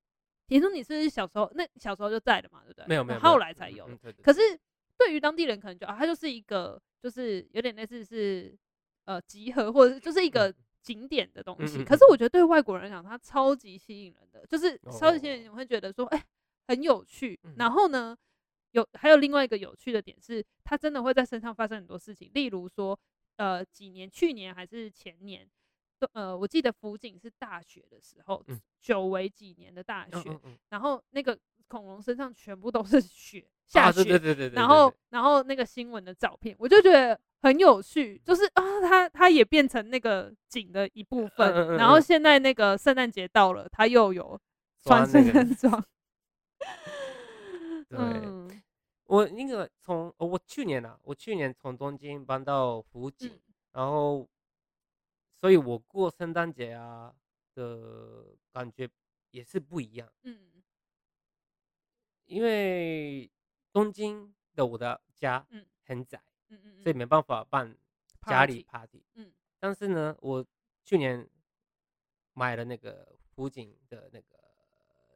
Speaker 1: 田中，說你是小時候那小時候就在了嘛？對不對？沒有沒有，後來才有。嗯，對對對，可是對於當地人，可能就啊，它，就是一個，就是有點類似是呃集合，或者就是一個。嗯景點的東西嗯嗯嗯，可是我覺得對外國人講，它超級吸引人的，就是超級吸引人，你會覺得說，哎、oh. 欸，很有趣。然後呢，有還有另外一個有趣的點是，它真的會在身上發生很多事情。例如說，呃，幾年，去年還是前年，呃，我記得福井是大雪的時候，嗯、久違幾年的大雪，嗯嗯嗯，然後那個。恐龍身上全部都是雪，下雪，啊、對對對對然後對對對對，然後那個新聞的照片，我就覺得很有趣，就是啊、哦，它它也變成那個景的一部分，嗯嗯。然後現在那個聖誕節到了，它又有
Speaker 3: 穿身裝，那個。 對、嗯，
Speaker 2: 我那個從、哦、我去年啊，我去年從東京搬到福井，嗯，然後，所以我過聖誕節啊的感覺也是不一樣。嗯。因為東京的我的家很窄、嗯、所以沒辦法辦家裡 party、嗯嗯、但是呢，我去年買了那個福井的那個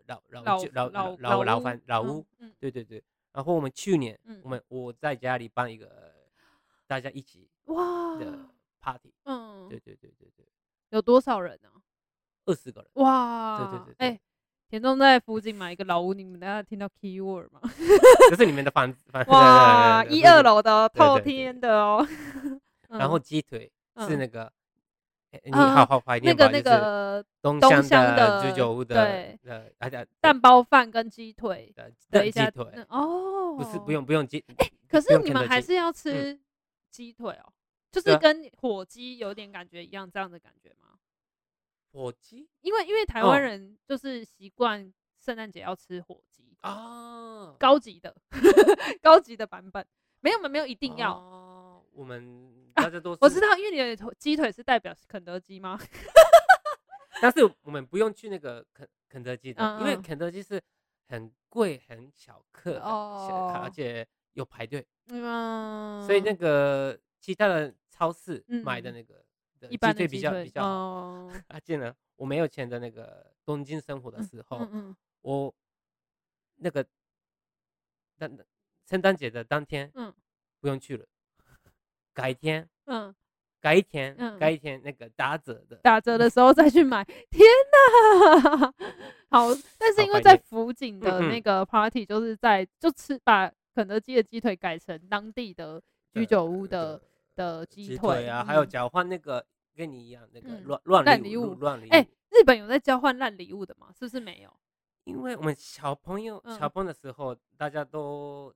Speaker 2: 老老老老老老,老老老老老房、嗯、老屋嗯，對對對，然後我們去年、嗯、我們我在家裡辦一個大家一起哇的 party 哇對對對對對嗯，對對對
Speaker 1: 對有多少人呢、啊？
Speaker 2: 二十個人哇，對對對，
Speaker 1: 哎、欸。田中在附近買一個老屋，你們大家聽到 keyword 嗎？
Speaker 2: 就是你們的房子。哇，一二樓的透天
Speaker 1: 的哦。然後雞腿是那個，你好好懷念那個那個東東鄉的居酒屋的，大家蛋包飯跟雞腿，對，雞腿哦，不是不用不用雞，哎，可是你們還是要吃雞腿哦，就是跟火雞有點感覺一樣，這樣的感覺嗎？
Speaker 2: 火雞，
Speaker 1: 因為因為台灣人就是習慣聖誕節要吃火雞啊、哦，高級的呵呵高級的版本，沒有沒有一定要，哦、
Speaker 2: 我們大家都、啊、我知道，
Speaker 1: 因為你的雞腿是代表肯德基嗎？
Speaker 2: 但是我們不用去那個肯肯德基的、嗯，因為肯德基是很貴、很小客、哦，而且有排隊、嗯，所以那個其他的超市買的那個嗯嗯。一般雞腿比較雞腿比較、比較好、哦、啊，記得，我沒有錢在那個東京生活的時候，嗯，嗯，嗯我那個那，聖誕節的當天，嗯，不用去了，改天，嗯，改一天，嗯，改一天那個打折的
Speaker 1: 打折的時候再去買，嗯、天哪， 好，但是因為在福井的那個 party、嗯、就是在就吃把肯德基的雞腿改成當地的居酒屋的。的雞腿，腿啊、嗯，還有
Speaker 2: 交換那個跟你一樣那個亂亂禮物亂禮物。哎、
Speaker 1: 欸，日本有在交換爛禮物的嗎？是不是沒有？
Speaker 2: 因為我們小朋友、嗯、小朋友的時候，大家都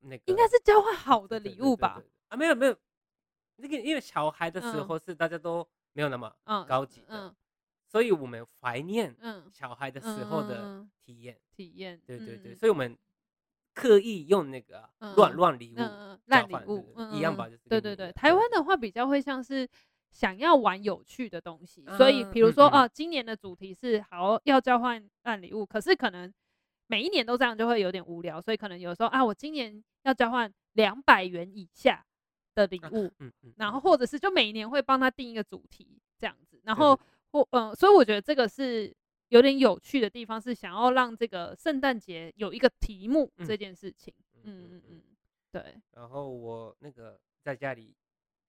Speaker 2: 那
Speaker 1: 個應該是交換好的禮物
Speaker 2: 吧，對對對對？啊，沒有沒有，那個因為小孩的時候是大家都沒有那麼高級的，嗯嗯、所以我們懷念小孩的時候的體驗、嗯嗯、體驗。對對對，嗯、所以我們。刻意用那個亂亂禮
Speaker 1: 物，爛禮物一樣吧？對對對，嗯、台灣的話比較會像是想要玩有趣的東西，嗯、所以比如說哦、嗯啊，今年的主題是好要交換爛禮物、嗯，可是可能每一年都這樣就會有點無聊，所以可能有時候啊，我今年要交換兩百元以下的禮物、嗯嗯嗯，然後或者是就每一年會幫他定一個主題這樣子，然後嗯或嗯，所以我覺得這個是。有點有趣的地方是想要讓這個聖誕節有一個題目、嗯、這件事情，嗯嗯嗯，對。
Speaker 2: 然後我那個在家裡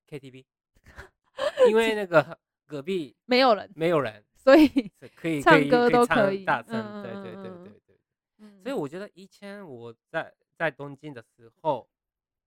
Speaker 2: KTV， 因為那個隔壁 沒有人，沒有人，所以，所以可以唱歌都可以，可以唱大聲、嗯，對對對對對、嗯。所以我覺得以前我在在東京的時候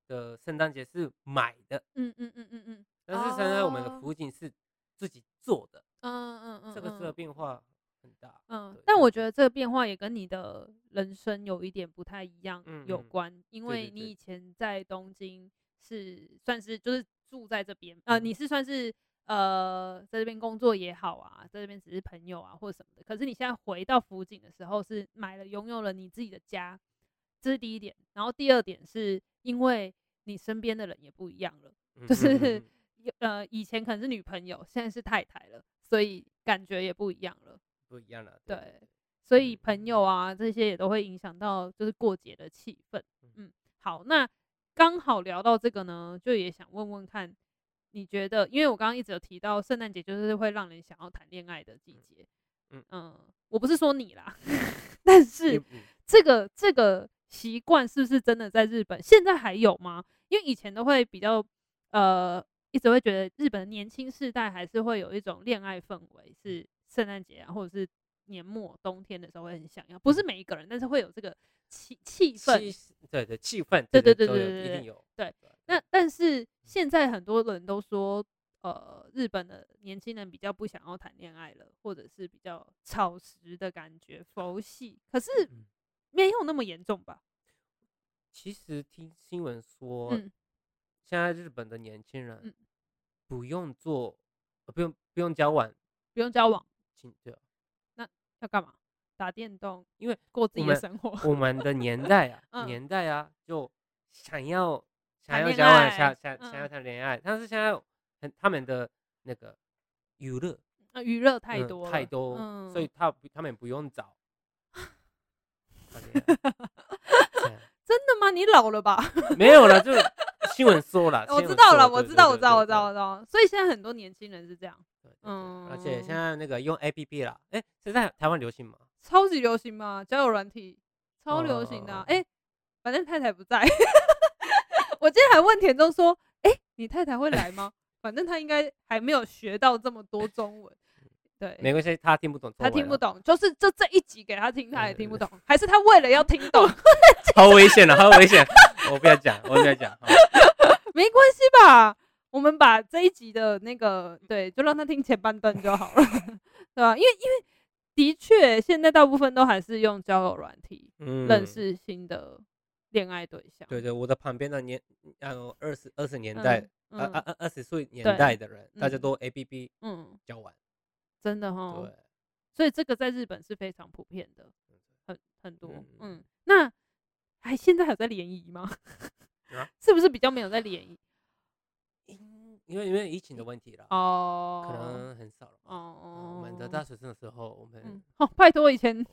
Speaker 2: 的聖誕節是買的，嗯嗯嗯嗯嗯。但是現在我們的福井是自己做的，嗯嗯嗯，這個是個變化。
Speaker 1: 很大，嗯，但我覺得這個變化也跟你的人生有一點不太一樣、嗯、有關、嗯，因為你以前在東京是算是就是住在這邊、嗯，呃對對對，你是算是呃在這邊工作也好啊，在這邊只是朋友啊或者什麼的，可是你現在回到福井的時候是買了擁有了你自己的家，這是第一點，然後第二點是因為你身邊的人也不一樣了，就是、嗯、呵呵呃以前可能是女朋友，現在是太太了，所以感覺也不一樣了。不一樣了啊，對，所以朋友啊這些也都會影響到就是過節的氣氛嗯。嗯，好，那剛好聊到這個呢，就也想問問看，你覺得？因為我剛剛一直有提到聖誕節就是會讓人想要談戀愛的季節。嗯嗯，我不是說你啦， 但是這個這個習慣是不是真的在日本現在還有嗎？因為以前都會比較呃，一直會覺得日本年輕世代還是會有一種戀愛氛圍是。嗯聖誕節啊，或者是年末冬天的時候會很想要，不是每一個人，但是會有這個氣氣氛，氛，
Speaker 2: 對對氣氛，對對對
Speaker 1: 對對對，一定有。對，那但是、嗯、現在很多人都說，呃，日本的年輕人比較不想要談戀愛了，或者是比較草食的感覺，佛系。可是、嗯、沒有那麼嚴重吧？
Speaker 2: 其實聽新聞說、嗯，現在日本的年輕人、嗯、不用做，呃、不用不用交往，
Speaker 1: 不用交往。
Speaker 2: 信不信
Speaker 1: 那要幹嘛？打電動？因為過自己的生活。我們，我們的年代啊、 嗯，年代啊，就
Speaker 2: 想要就想要交往，想想想要談戀愛，但是現在很他們的那個娛樂啊，娛樂太多、嗯、太多、嗯，所以他他們不用找 連愛、 嗯。
Speaker 1: 真的嗎？你老了吧？
Speaker 2: 沒有啦，就新聞說了。我知道啦，我知道對對對
Speaker 1: 對，我知道，我知道，我知道。所以現在很多年輕人是這樣。嗯，而且現在
Speaker 2: 那個用 APP 啦，哎、欸，現在台灣流行嗎？
Speaker 1: 超級流行嘛，交友軟體超流行的。哎、哦欸，反正太太不在， 我今天還問田中說，哎、欸，你太太會來嗎？ 反正他應該還沒有學到這麼多中文。欸、對，
Speaker 2: 沒關係，他聽不懂，他聽
Speaker 1: 不懂，就是這這一集給他聽，他也聽不懂、嗯，還是他為了要聽懂，
Speaker 2: 超 危險的、啊，超危險， 我不要講，我不要講，
Speaker 1: 沒關係吧？我們把這一集的那個對，就讓他聽前半段就好了 對吧、啊？因為因為的確，現在大部分都還是用交友軟體、嗯、認識新的戀愛對象。對對，
Speaker 2: 對，我的旁邊的年啊，二十二十年代、嗯、啊啊二十歲年代的人，大家都 A P P 嗯交完、嗯，
Speaker 1: 真的齁。對，所以這個在日本是非常普遍的、嗯，很很多嗯，嗯。那還，現在還在聯誼嗎、 啊？是不是比較沒有在聯誼？
Speaker 2: 因為因為疫情的問題啦，哦、oh,，可能很少了。哦我們的大學生的時候，我們
Speaker 1: 哦，拜託，以前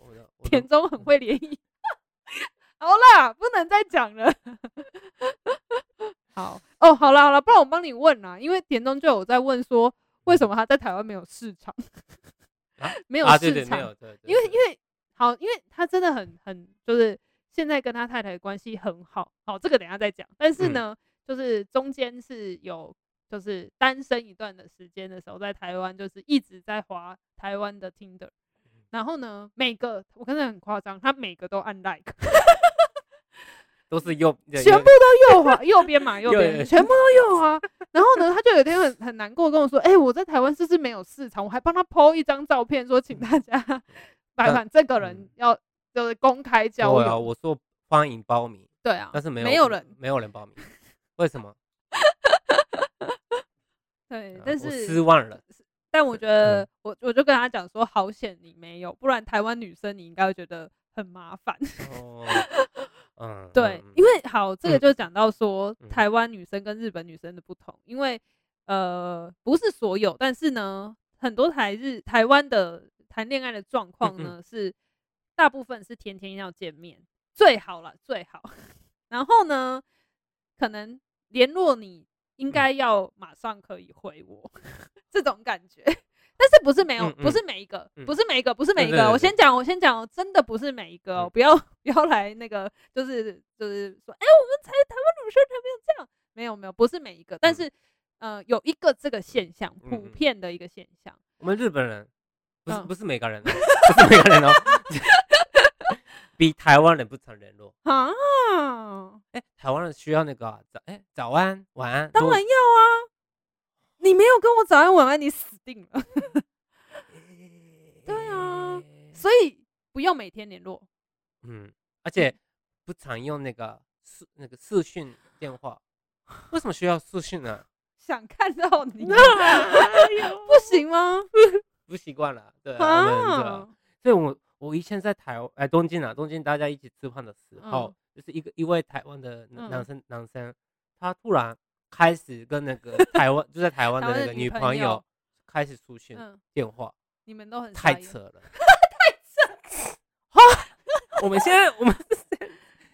Speaker 1: 田中很會聯誼。 好啦，不能再講了。 好哦、喔，好了好了，不然我幫你問了因為田中就有在問說，為什麼他在台灣沒有市場、 啊？沒有市場，啊、對對對沒有對,對對。因為因為好，因為他真的很很就是現在跟他太太的關係很好。好，這個等下再講。但是呢，嗯、就是中間是有。就是單身一段的時間的時候，在台灣就是一直在滑台灣的 Tinder，然後呢，每個我剛才很誇張，他每個都按 like，
Speaker 2: 都是右，全部
Speaker 1: 都右、啊、 右滑，右邊嘛，右邊，全部都右滑、啊。 然後呢，他就有一天很很難過跟我說：“哎、 欸，我在台灣是不是沒有市場？”我還幫他 po 一張照片說：“請大家，麻煩這個人要就是公開交流。啊、
Speaker 2: 我說：“歡迎報名。”
Speaker 1: 對啊，但是沒有沒有人
Speaker 2: 沒有人報名，為什麼？
Speaker 1: 對、啊，但是失望了、呃。但我覺得我，我我就跟他講說，好險你沒有，不然台灣女生你應該會覺得很麻煩。
Speaker 2: 對，
Speaker 1: 因為好，這個就講到說、嗯、台灣女生跟日本女生的不同，因為呃不是所有，但是呢，很多台日台灣的談戀愛的狀況呢，嗯嗯是大部分是天天要見面，最好了最好。 然後呢，可能聯絡你。應該要馬上可以回我，這種感覺，但是不是沒有、嗯，嗯、不是每一個、嗯，不是每一個、嗯，不是每一個、嗯，嗯、我先講，我先講，真的不是每一個、嗯、不要不要來那個，就是就是說，哎，我們台灣女生才沒有這樣，沒有沒有，不是每一個，但是呃，有一個這個現象，普遍的一個現象、
Speaker 2: 嗯，嗯、我們日本人，不是、嗯、不是每個人 不是每個人哦。 比台灣人不常聯絡
Speaker 1: 啊！哎、欸，
Speaker 2: 台灣人需要那個早、欸、早安晚安，當然
Speaker 1: 要啊！你沒有跟我早安晚安，你死定了。 對啊，所以不要每天聯絡。嗯，
Speaker 2: 而且不常用那個那個視訊電話。為什麼需要視訊呢？
Speaker 1: 想看到你， 不行嗎？
Speaker 2: 不習慣了，
Speaker 1: 對啊，對、
Speaker 2: 啊、我、這個。所以我我以前在台，哎、欸，東京啊，東京大家一起吃飯的時候、嗯，就是一個一位台灣的男、嗯、男生，男生他突然開始跟那個台灣， 就在台灣的那個女朋友開始出現電話。嗯、你們都很太扯了，太扯了！ 太扯 我們現在我們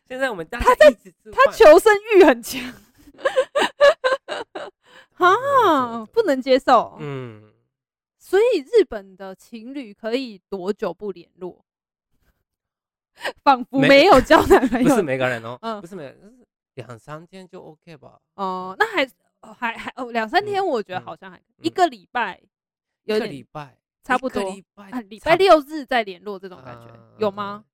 Speaker 2: 現在我們大家一起吃飯，他在，他求生
Speaker 1: 欲很強 啊， 不能接受。嗯。所以日本的情侶可以多久不聯絡？仿 佛沒有交談。不是每個人哦，嗯，不是每個人，
Speaker 2: 兩三天就
Speaker 1: OK 吧？哦，那還還還哦，兩三天我覺得好像還一個禮拜，一個禮拜，一個禮拜差不多，禮拜、啊、禮拜六日再聯絡這種感覺、嗯、有嗎？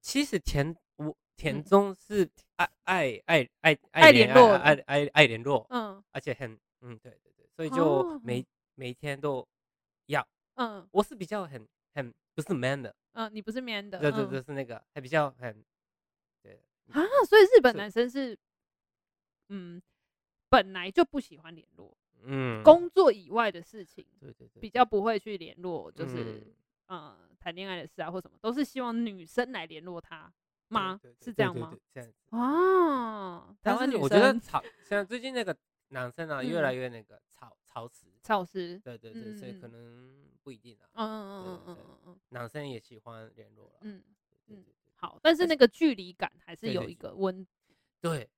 Speaker 2: 其實田我田中是愛愛愛愛愛聯絡，愛愛愛聯絡，嗯，而且很嗯對對對，所以就沒。嗯每天都要，嗯，我是比較很很不是 man 的，
Speaker 1: 嗯，你不是 man 的，對對對，嗯、
Speaker 2: 是那個，還比較很，對，
Speaker 1: 啊，所以日本男生是，是，嗯，本來就不喜歡聯絡，嗯，工作以外的事情，對對對，比較不會去聯絡，就是，對對對嗯，談、嗯、戀愛的事啊或什麼，都是希望女生來聯絡他嗎？對對對？是這樣嗎？這樣
Speaker 3: 子啊，台灣女生。我覺得很吵，像最近那個
Speaker 2: 男生啊，越來越那個吵。嗯超時，超對對對、嗯，所以可能不一定啊。嗯嗯嗯嗯嗯嗯嗯，男生也喜歡聯絡、啊。嗯嗯。好，但是那個距離感還是有一個溫度。對，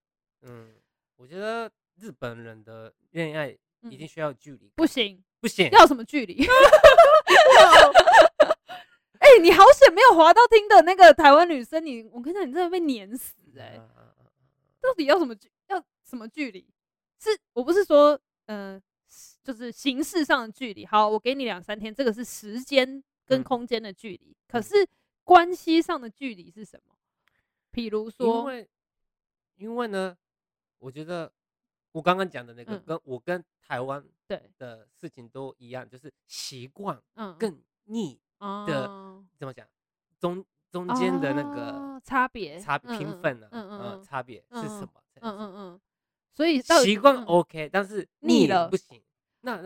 Speaker 2: 嗯，我覺得日本人的戀愛已定需要距離、嗯。不行，
Speaker 1: 不行，要什麼距離？哎、 欸，你好險沒有滑到聽的那個台灣女生，你我跟你講，你真的被碾死哎、欸嗯！到底要什麼距要什麼距離？是我不是說嗯。呃就是形式上的距離。好，我給你兩三天，這個是時間跟空間的距離、嗯。可是關係上的距離是什麼？比如說，
Speaker 2: 因為因為呢，我覺得我剛剛講的那個、嗯、跟我跟台灣對的事情都一樣，嗯、就是習慣，嗯，
Speaker 3: 更膩的
Speaker 2: 怎麼講？中中間的那個差別、啊，差平分了、啊，嗯嗯，嗯，嗯，差別是什麼？嗯
Speaker 1: 嗯嗯，嗯，所以習慣 OK，、嗯、但是膩了不行。那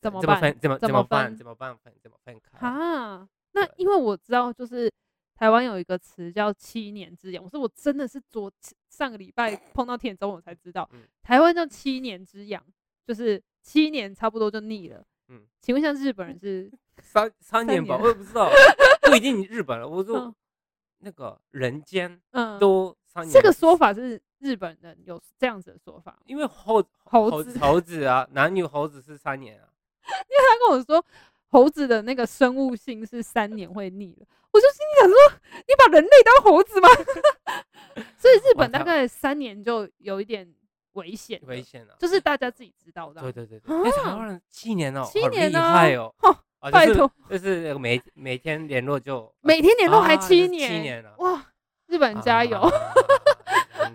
Speaker 2: 怎麼怎麼分怎麼怎麼辦怎麼，怎，麼怎麼辦分怎麼分
Speaker 1: 開啊？那因為我知道，就是台灣有一個詞叫七年之癢。我說我真的是昨上個禮拜碰到田中，我才知道、嗯、台灣叫七年之癢，就是七年差不多就膩了。嗯，請問像日本人是三三年吧？ 我也不知道，
Speaker 2: 都已經日本了。我說、嗯、那個人間都三年、嗯、這個
Speaker 1: 說法是。日本人有這樣子的說法，因為猴猴子猴
Speaker 2: 子啊，男女猴子是三年啊。
Speaker 1: 因為他跟我說猴子的那個生物性是三年會膩的，我就心裡想說，你把人類當猴子嗎？ 所以日本大概三年就有一點危險，危險了，啊，就是大家自己知道的。對對對對，啊欸，台灣人七年哦，七年呢，啊，厲害哦？拜託，
Speaker 2: 啊就是，就是每每天聯絡就每天聯絡還七年，啊，七年
Speaker 1: 了哇，日本加油。啊啊啊啊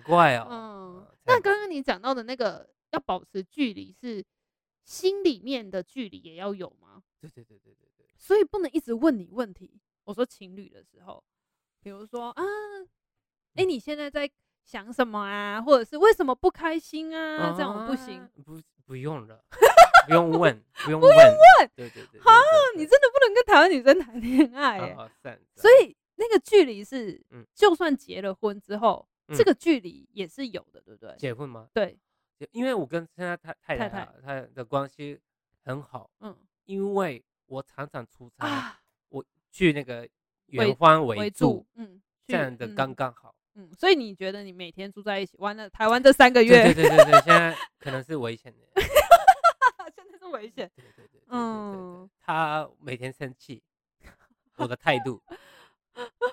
Speaker 2: 怪
Speaker 1: 哦，嗯，嗯，那剛剛你講到的那個、嗯、要保持距離，是心裡面的距離也要有嗎？對對
Speaker 3: 對對對
Speaker 1: 對，所以不能一直問你問題。我說情侶的時候，比如說啊，哎、欸，你現在在想什麼啊、嗯？或者是為什麼不開心啊？啊這樣不行，不
Speaker 2: 不用了， 不用問，不用，不用問，不用問。對對
Speaker 1: 對，好，你真的不能跟台灣女生談戀愛好好、啊啊。所以那個距離是、嗯，就算結了婚之後。嗯、這個距離也是有的，對不對？結婚嗎？對，
Speaker 2: 對，因為我跟現在太太太太她的關係很好，嗯，因為我常常出差、啊、我去那個遠方為主，嗯，這樣的剛剛
Speaker 1: 好，嗯，嗯，所以你覺得你每天住在一起，玩了台灣這三個月，對對對對，對
Speaker 2: 現在可能是危險的，哈哈哈哈
Speaker 1: 哈，現在是危險，對
Speaker 2: 對對，對，嗯，他每天生氣， 我的態度，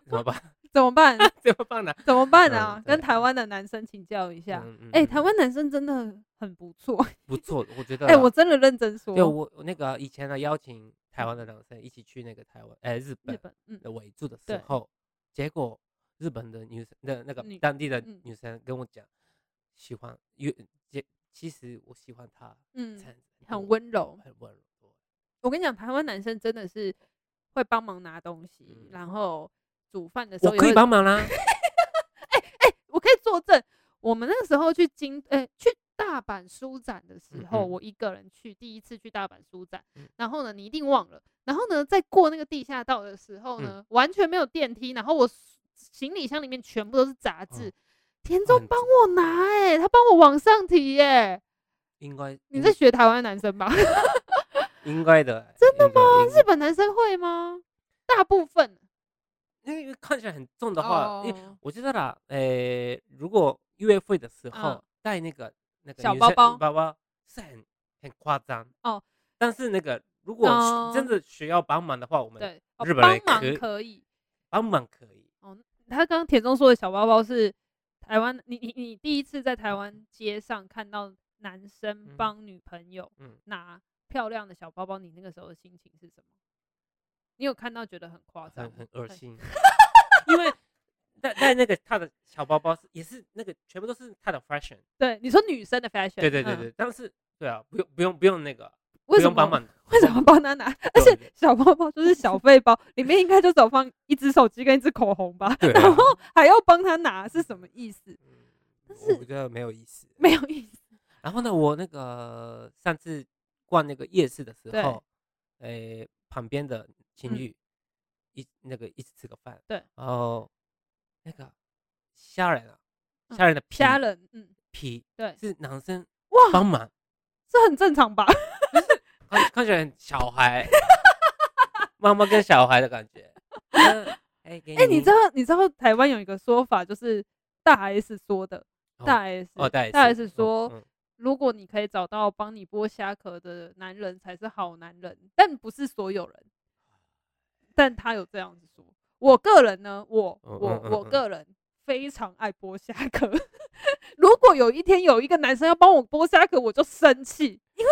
Speaker 2: 怎麼辦
Speaker 1: 怎麼辦？ 怎麼辦呢、啊？怎麼辦啊？嗯、跟台灣的男生請教一下。哎、嗯嗯欸嗯，台灣男生真的很不錯， 不錯，我覺得、啊。哎、欸，我真的認真說。對
Speaker 2: 我那個以前呢，邀請台灣的男生一起去那個台灣，哎、欸，日本，的圍住的時候，結果日本的女生，那那個當地的女生跟我講、嗯嗯，喜歡因，其實我喜歡他，嗯，
Speaker 1: 很溫柔，很溫柔。我跟你講，台灣男生真的是會幫忙拿東西，嗯、然後。煮飯的時候也會、 欸欸，我可以幫忙啦！哎哎，我可以作證，我們那時候去京，哎、欸，去大阪書展的時候、嗯，我一個人去，第一次去大阪書展、嗯。然後呢，你一定忘了。然後呢，在過那個地下道的時候呢，嗯、完全沒有電梯。然後我行李箱裡面全部都是雜誌、哦，田中幫我拿、欸，哎，他幫我往上提、欸，哎，應該你在學台灣男生吧？
Speaker 2: 應該的。
Speaker 1: 真的嗎？日本男生會嗎？大部分。
Speaker 2: 因為看起來很重的話，oh, 因為我覺得啦，誒、欸，如果約會的時候帶那個、嗯、那個小包包，包包是很很誇張哦。Oh, 但是那個如果、oh, 真的需要幫忙的話，我們對日本人可
Speaker 3: 可以
Speaker 1: 幫、oh, 忙可以哦。以 oh, 他剛剛田中說的小包包是台灣，你你你第一次在台灣街上看到男生幫女朋友拿漂亮的小包包，你那個時候的心情是什麼？你有看到覺得很誇張，很惡
Speaker 2: 心，
Speaker 1: 因為在在那
Speaker 2: 個他的小包包是也是那個全部都是他的 fashion，
Speaker 1: 對，你說女生的 fashion，對對對對，嗯、但是
Speaker 2: 對啊，不用不用不用那個，
Speaker 1: 為什麼不用幫忙拿，為什麼幫他拿？ 而且小包包就是小背包， 裡面應該就只有放一只手機跟一支口紅吧 對、啊，然後還要幫他拿是什麼意思？
Speaker 2: 但是我覺得沒有意思，沒有意思。然後呢，我那個上次逛那個夜市的時候，誒、欸、旁邊的。情侶、嗯、一那個一起吃個飯，對，然、哦、後那個蝦仁了，蝦仁、啊、的蝦仁。嗯，
Speaker 1: 皮。對，是男生哇，幫忙，這很正常吧？
Speaker 2: 就是看,看起來小孩，媽 媽跟小孩的感覺。哎、
Speaker 3: 嗯
Speaker 1: 欸欸，你知道你知道台灣有一個說法，就是大 S 說的，大 S，、哦、大 S 說、哦嗯，如果你可以找到幫你剝蝦殼的男人才是好男人，但不是所有人。但他有這樣子說，我個人呢，我我我個人非常愛剝蝦殼。如果有一天有一個男生要幫我剝蝦殼，我就生氣，因為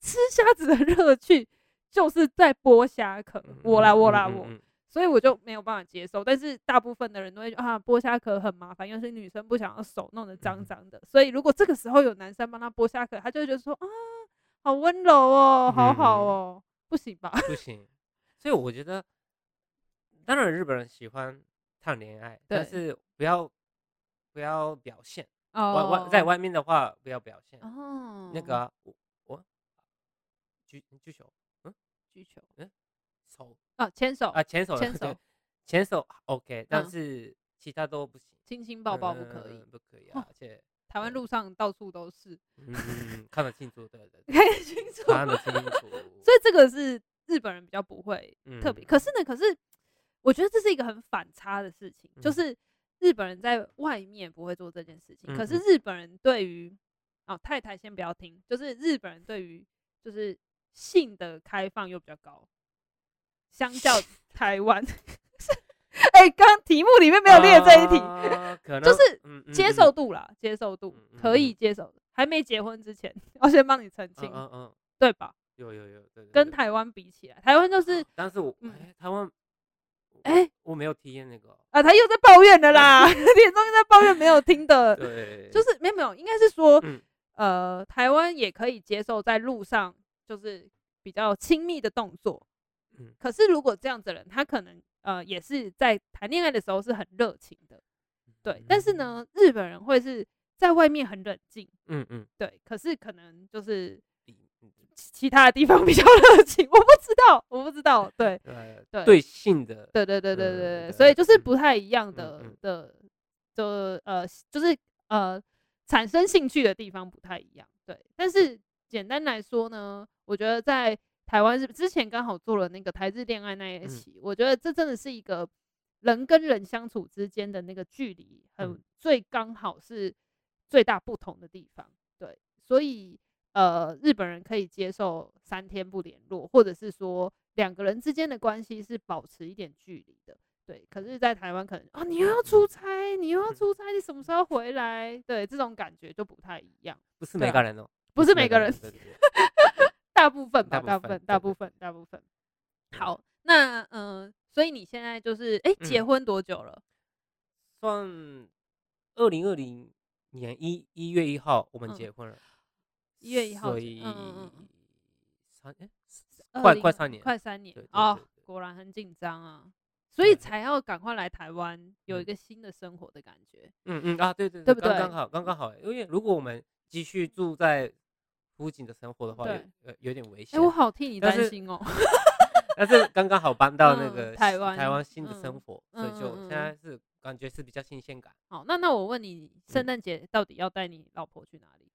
Speaker 1: 吃蝦子的樂趣就是在剝蝦殼，我啦我啦我，所以我就沒有辦法接受。但是大部分的人都會說啊，剝蝦殼很麻煩，又是女生不想要手弄得髒髒的，所以如果這個時候有男生幫他剝蝦殼，他就會覺得說啊，好溫柔哦、喔，好好哦、喔，不行吧、嗯？不
Speaker 2: 行，所以我覺得。當然，日本人喜歡談戀愛，但是不要不要表現。外、oh. 外在外面的話，不要表現。哦、oh.，那個、啊、我舉舉手，嗯，舉手，嗯，手啊，牽手啊，牽手，手，牽、okay. 手，牽手 OK，但是其他都不行，親、uh. 親抱抱不可以，不、嗯、可
Speaker 1: 以啊。哦、而且、嗯、台灣路上到處都是，
Speaker 2: 嗯，看得清楚對的，看得
Speaker 1: 清楚，對對對 看得清楚。 清楚 所以這個是日本人比較不會特別、嗯，可是呢，可是。我覺得這是一個很反差的事情，就是日本人在外面不會做這件事情，嗯、可是日本人對於、哦、太太先不要聽，就是日本人對於就是性的開放又比較高，相較台灣，哎， 剛剛題目裡面沒有列這一題，uh, 就是接受度啦，接受度可以接受，uh, uh, uh, uh, 還沒結婚之前，我、哦、先幫你澄清，uh,
Speaker 2: uh, uh, 對吧？有有
Speaker 1: 有，跟台灣比起來，台灣就是，
Speaker 2: 但是我台灣。
Speaker 1: 哎、欸，我沒有體驗那個啊，啊，他又在抱怨的啦，田中又在抱怨沒有聽的， 對對
Speaker 3: 對，就是
Speaker 1: 沒有沒有，應該是說，嗯，呃，台灣也可以接受在路上就是比較親密的動作，嗯，可是如果這樣子的人，他可能呃也是在談戀愛的時候是很熱情的，對，嗯，但是呢，日本人會是在外面很冷靜，嗯嗯，對，可是可能就是。其他的地方比較熱情，我不知道，我不知道，對對對，對性的，對對對對對，所以就是不太一樣的、嗯、的的呃，就是呃，產生興趣的地方不太一樣，對。但是簡單來說呢，我覺得在台灣之前剛好做了那個台日戀愛那一期、嗯，我覺得這真的是一個人跟人相處之間的那個距離很、嗯嗯、最剛好是最大不同的地方，對，所以。呃，日本人可以接受三天不聯絡，或者是說兩個人之間的關係是保持一點距離的，對。可是，在台灣可能啊、哦，你又要出差，你又要出差，嗯、你什麼時候回來？對，這種感覺就不太一樣。不是每個人哦、啊，不是每個人，個人對對對對對 大部分吧，大部分，大部分，大部分。對對對。好，那嗯、呃，所以你現在就是哎、欸，結婚多久了？嗯、算
Speaker 2: 二零二零年一一月一號，我們結婚了。嗯一
Speaker 1: 月一號，所以 3,、欸，三 20... 哎，快快三年，20... 快三年啊、哦，果然很緊張啊，所以才要趕快來台灣、嗯，有一個新的生活的感覺。嗯嗯、啊，對對對，對不對？剛剛好，
Speaker 2: 剛剛好、欸，因為如果我們繼續住在福井的生活的話，有、呃、有點危險。哎、欸，我好替你擔心哦、喔。但是剛剛 好搬到那個台灣、嗯，台灣新的生活、嗯嗯，所以就現在是感覺是比較新鮮感、嗯。好，那
Speaker 1: 那我問你，聖誕節到底要帶你老婆去哪裡？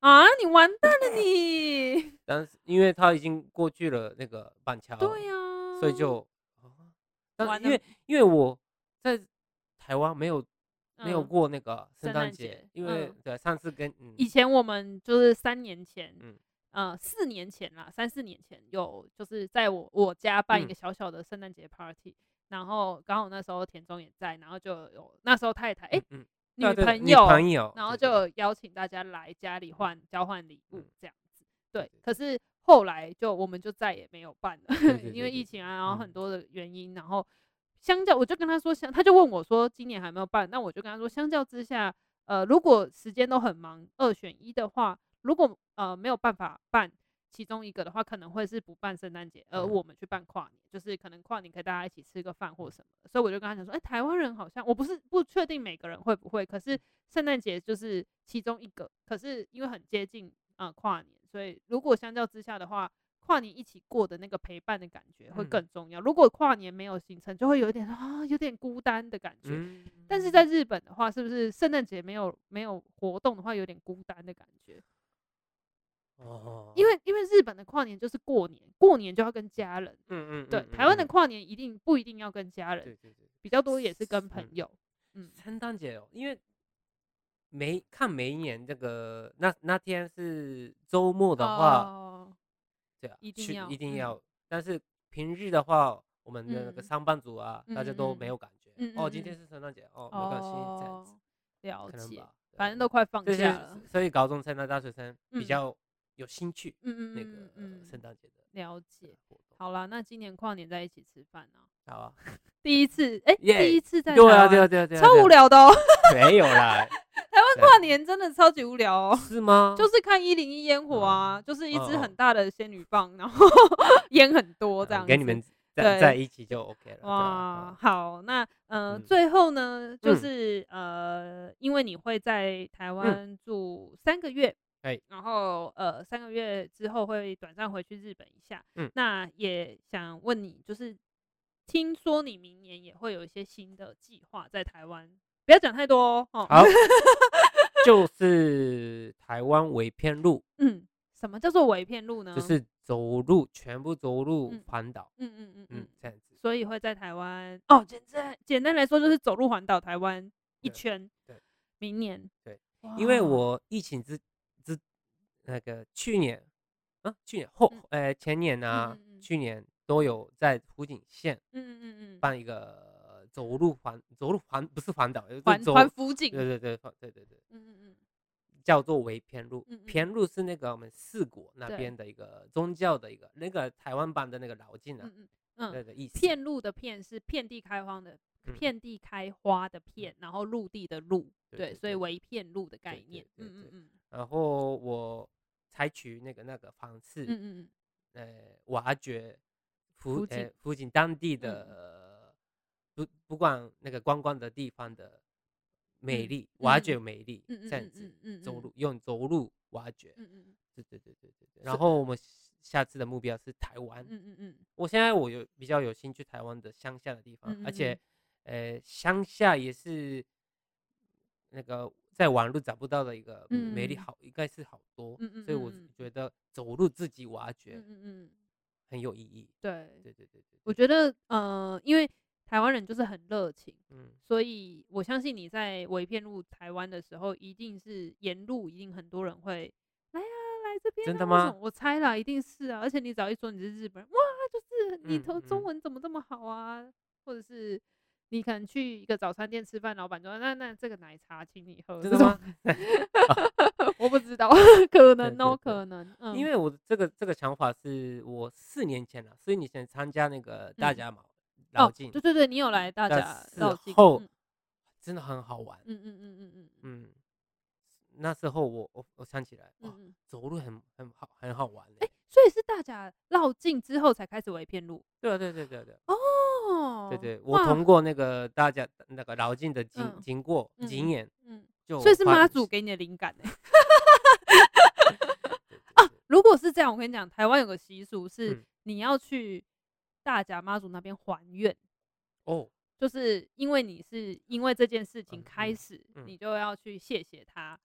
Speaker 1: 啊！你完蛋了你，嗯！
Speaker 2: 但是因為他已經過去了那個板橋，對呀、啊，所以就，啊、但因為因為我在台灣沒有、嗯、沒有過那個聖誕節，因為、嗯、對上次跟、嗯、以
Speaker 1: 前我們就是三年前，嗯、呃、四年前啦，三四年前有就是在我我家辦一個小小的聖誕節 party，、嗯、然後剛好那時候田中也在，然後就有那時候太太哎、欸、嗯，嗯。女朋友、對啊、朋友，然後就邀請大家來家裡換，對對對交換禮物這樣子。對，可是後來就我們就再也沒有辦了，對對對對，因為疫情啊，然後很多的原因對對對，然後相較，我就跟他說，他就問我說，今年還沒有辦，那我就跟他說，相較之下，呃，如果時間都很忙，二選一的話，如果呃沒有辦法辦。其中一個的話，可能會是不辦聖誕節，而我們去辦跨年，嗯，就是可能跨年可以大家一起吃個飯或什麼。所以我就跟他講說，哎，欸，台灣人好像我不是不確定每個人會不會，可是聖誕節就是其中一個，可是因為很接近啊，呃、跨年，所以如果相較之下的話，跨年一起過的那個陪伴的感覺會更重要。嗯，如果跨年沒有行程，就會有點啊、哦、有點孤單的感覺，嗯。但是在日本的話，是不是聖誕節沒有沒有活動的話，有點孤單的感覺？哦，因為因為日本的跨年就是過年，過年就要跟家人，嗯嗯，對。台灣的跨年一定不一定要跟家人，對對對，比較多也是跟朋友。嗯，聖誕節哦，因為
Speaker 2: 每看每年這個那那天是周末的話，哦、對啊，一定要一定要、嗯。但是平日的話，我們的那個上班族啊，嗯、大家都沒有感覺。嗯、哦、嗯，今天是聖誕節哦，
Speaker 3: 沒關係，這樣子、哦、了解可能吧，反正都快放假了所，
Speaker 2: 所以高中生到大學生比較。嗯有興趣嗯嗯、那個、嗯，
Speaker 1: 嗯，聖誕節的了解好啦，那今年跨年在一起吃飯啊？好啊，第一次，哎、欸，yeah, 第一次在，對啊對啊對啊，
Speaker 2: 超無聊的哦、喔。沒有啦，啊
Speaker 1: 啊、 台灣跨年真的超級無聊哦、喔。 是嗎？就是看一零一煙火啊、嗯，就是一支很大的仙女棒，然後煙 很多這樣子、嗯，給你們在在一起就 OK 了。哇，啊啊、好，那、呃嗯、最後呢，就是、嗯、呃，因為你會在台灣住三個月。嗯哎，然後呃，三個月之後會短暫回去日本一下。嗯，那也想問你，就是聽說你明年也會有一些新的計劃在台灣，不要講太多哦。哦好，
Speaker 2: 就是台灣微遍路。嗯，
Speaker 1: 什麼叫做微遍路呢？就是
Speaker 2: 走路，全部走路環島。嗯
Speaker 1: 嗯嗯嗯，這樣子。所以會在台灣哦，簡單簡單來說就是走路環島台灣一圈。對明年對、嗯、對
Speaker 3: 因為我
Speaker 2: 疫情之。那個去年，啊，去年後、嗯，呃，前年呢、啊嗯嗯嗯，去年都有在福井縣，嗯嗯嗯，辦一個走路環，走路環不是環島，環走環福井，對對對，環對對對，嗯嗯嗯，叫做微遍路，遍、嗯、路是那個我們四國那邊的一個宗教的一個那個台灣版的那個繞境啊，嗯嗯那個、嗯、意思，遍
Speaker 1: 路的遍是遍地開荒的，遍地開花的遍，嗯然，後的片嗯、然後陸地的陸、嗯，對，所以微遍路的概念，嗯嗯
Speaker 2: 嗯，然後我。採取那個那個方式，嗯，嗯呃，挖掘福呃福井當地的，嗯呃、不不管那個觀光的地方的美麗，挖、嗯、掘美麗，嗯這樣子，嗯走路、嗯嗯、用走路挖掘，嗯嗯，對對對對對。然後我們下次的目標是台灣，嗯嗯嗯。我現在我有比較有興趣台灣的鄉下的地方，嗯、而且、嗯，呃，鄉下也是。那個在網絡找不到的一個美麗好，嗯、應該是好多、嗯嗯嗯，所以我覺得走路自己挖掘很、嗯嗯嗯，很有意義。對對
Speaker 1: 對，對對對對我覺得，呃，因為台灣人就是很熱情，嗯，所以我相信你在微遍路台灣的時候，一定是沿路一定很多人會來、嗯哎、呀，來這
Speaker 3: 邊、啊，真的嗎？我
Speaker 1: 猜啦，一定是啊，而且你只要一說你是日本人，哇，就是你同中文怎麼這麼好啊，嗯嗯、或者是。你可能去一個早餐店吃飯，老板說：“那那這個奶茶請你喝，是嗎？” 我不知
Speaker 3: 道， 可能哦，可能、嗯。因為我
Speaker 2: 這個這個想法是我四年前了、啊，所以你想參加那個大甲媽繞、嗯、境、哦，對
Speaker 3: 對對，你有來大甲繞、嗯、境、啊、之後，
Speaker 2: 真的很好玩，嗯嗯嗯嗯嗯嗯。那時候我我我想起來，嗯嗯走路很很，很好很好玩。哎、欸，
Speaker 1: 所以是大甲繞境之後才開始微遍路？對對對對對對。哦。
Speaker 2: 哦，對對，我通過那個大甲那個遶境的經、嗯、經過經驗，嗯,嗯,嗯,嗯就，所以是媽
Speaker 1: 祖給你的靈感、欸嗯、 對對對對啊，如果是這樣，我跟你講，台灣有個習俗是你要去大甲媽祖那邊還願，
Speaker 3: 哦、嗯，
Speaker 1: 就是因為你是因為這件事情開始，嗯、你就要去謝謝他、嗯，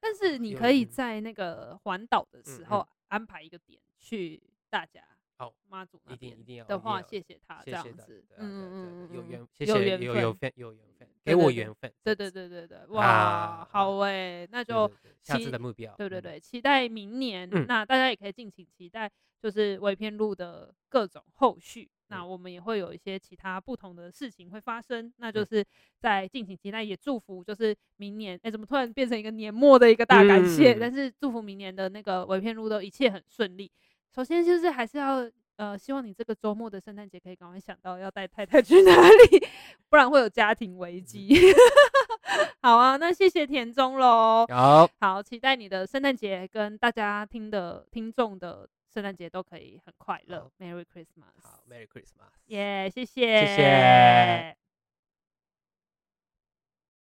Speaker 1: 但是你可以在那個環島的時候安排一個點嗯嗯去大甲。好，媽祖一定一定要的話，謝謝他這樣子，嗯嗯嗯，有緣，謝謝有有緣有緣分，給我緣分，對對對對對，哇，啊、好哎、欸，那就對對對，下次的目標，對對對，期待明年，嗯、那大家也可以敬請期待，就是微遍路的各種後續、嗯，那我們也會有一些其他不同的事情會發生，那就是再敬請期待，也祝福就是明年，哎、欸，怎麼突然變成一個年末的一個大感謝，嗯、但是祝福明年的那個微遍路的一切很順利。首先就是還是要，呃，希望你這個周末的聖誕節可以趕快想到要帶太太去哪裡，不然會有家庭危機。 好啊，那謝謝田中嘍。好，好，期待你的聖誕節跟大家聽的聽眾的聖誕節都可以很快樂。Merry Christmas。好，Merry Christmas。耶，yeah，謝謝，謝謝。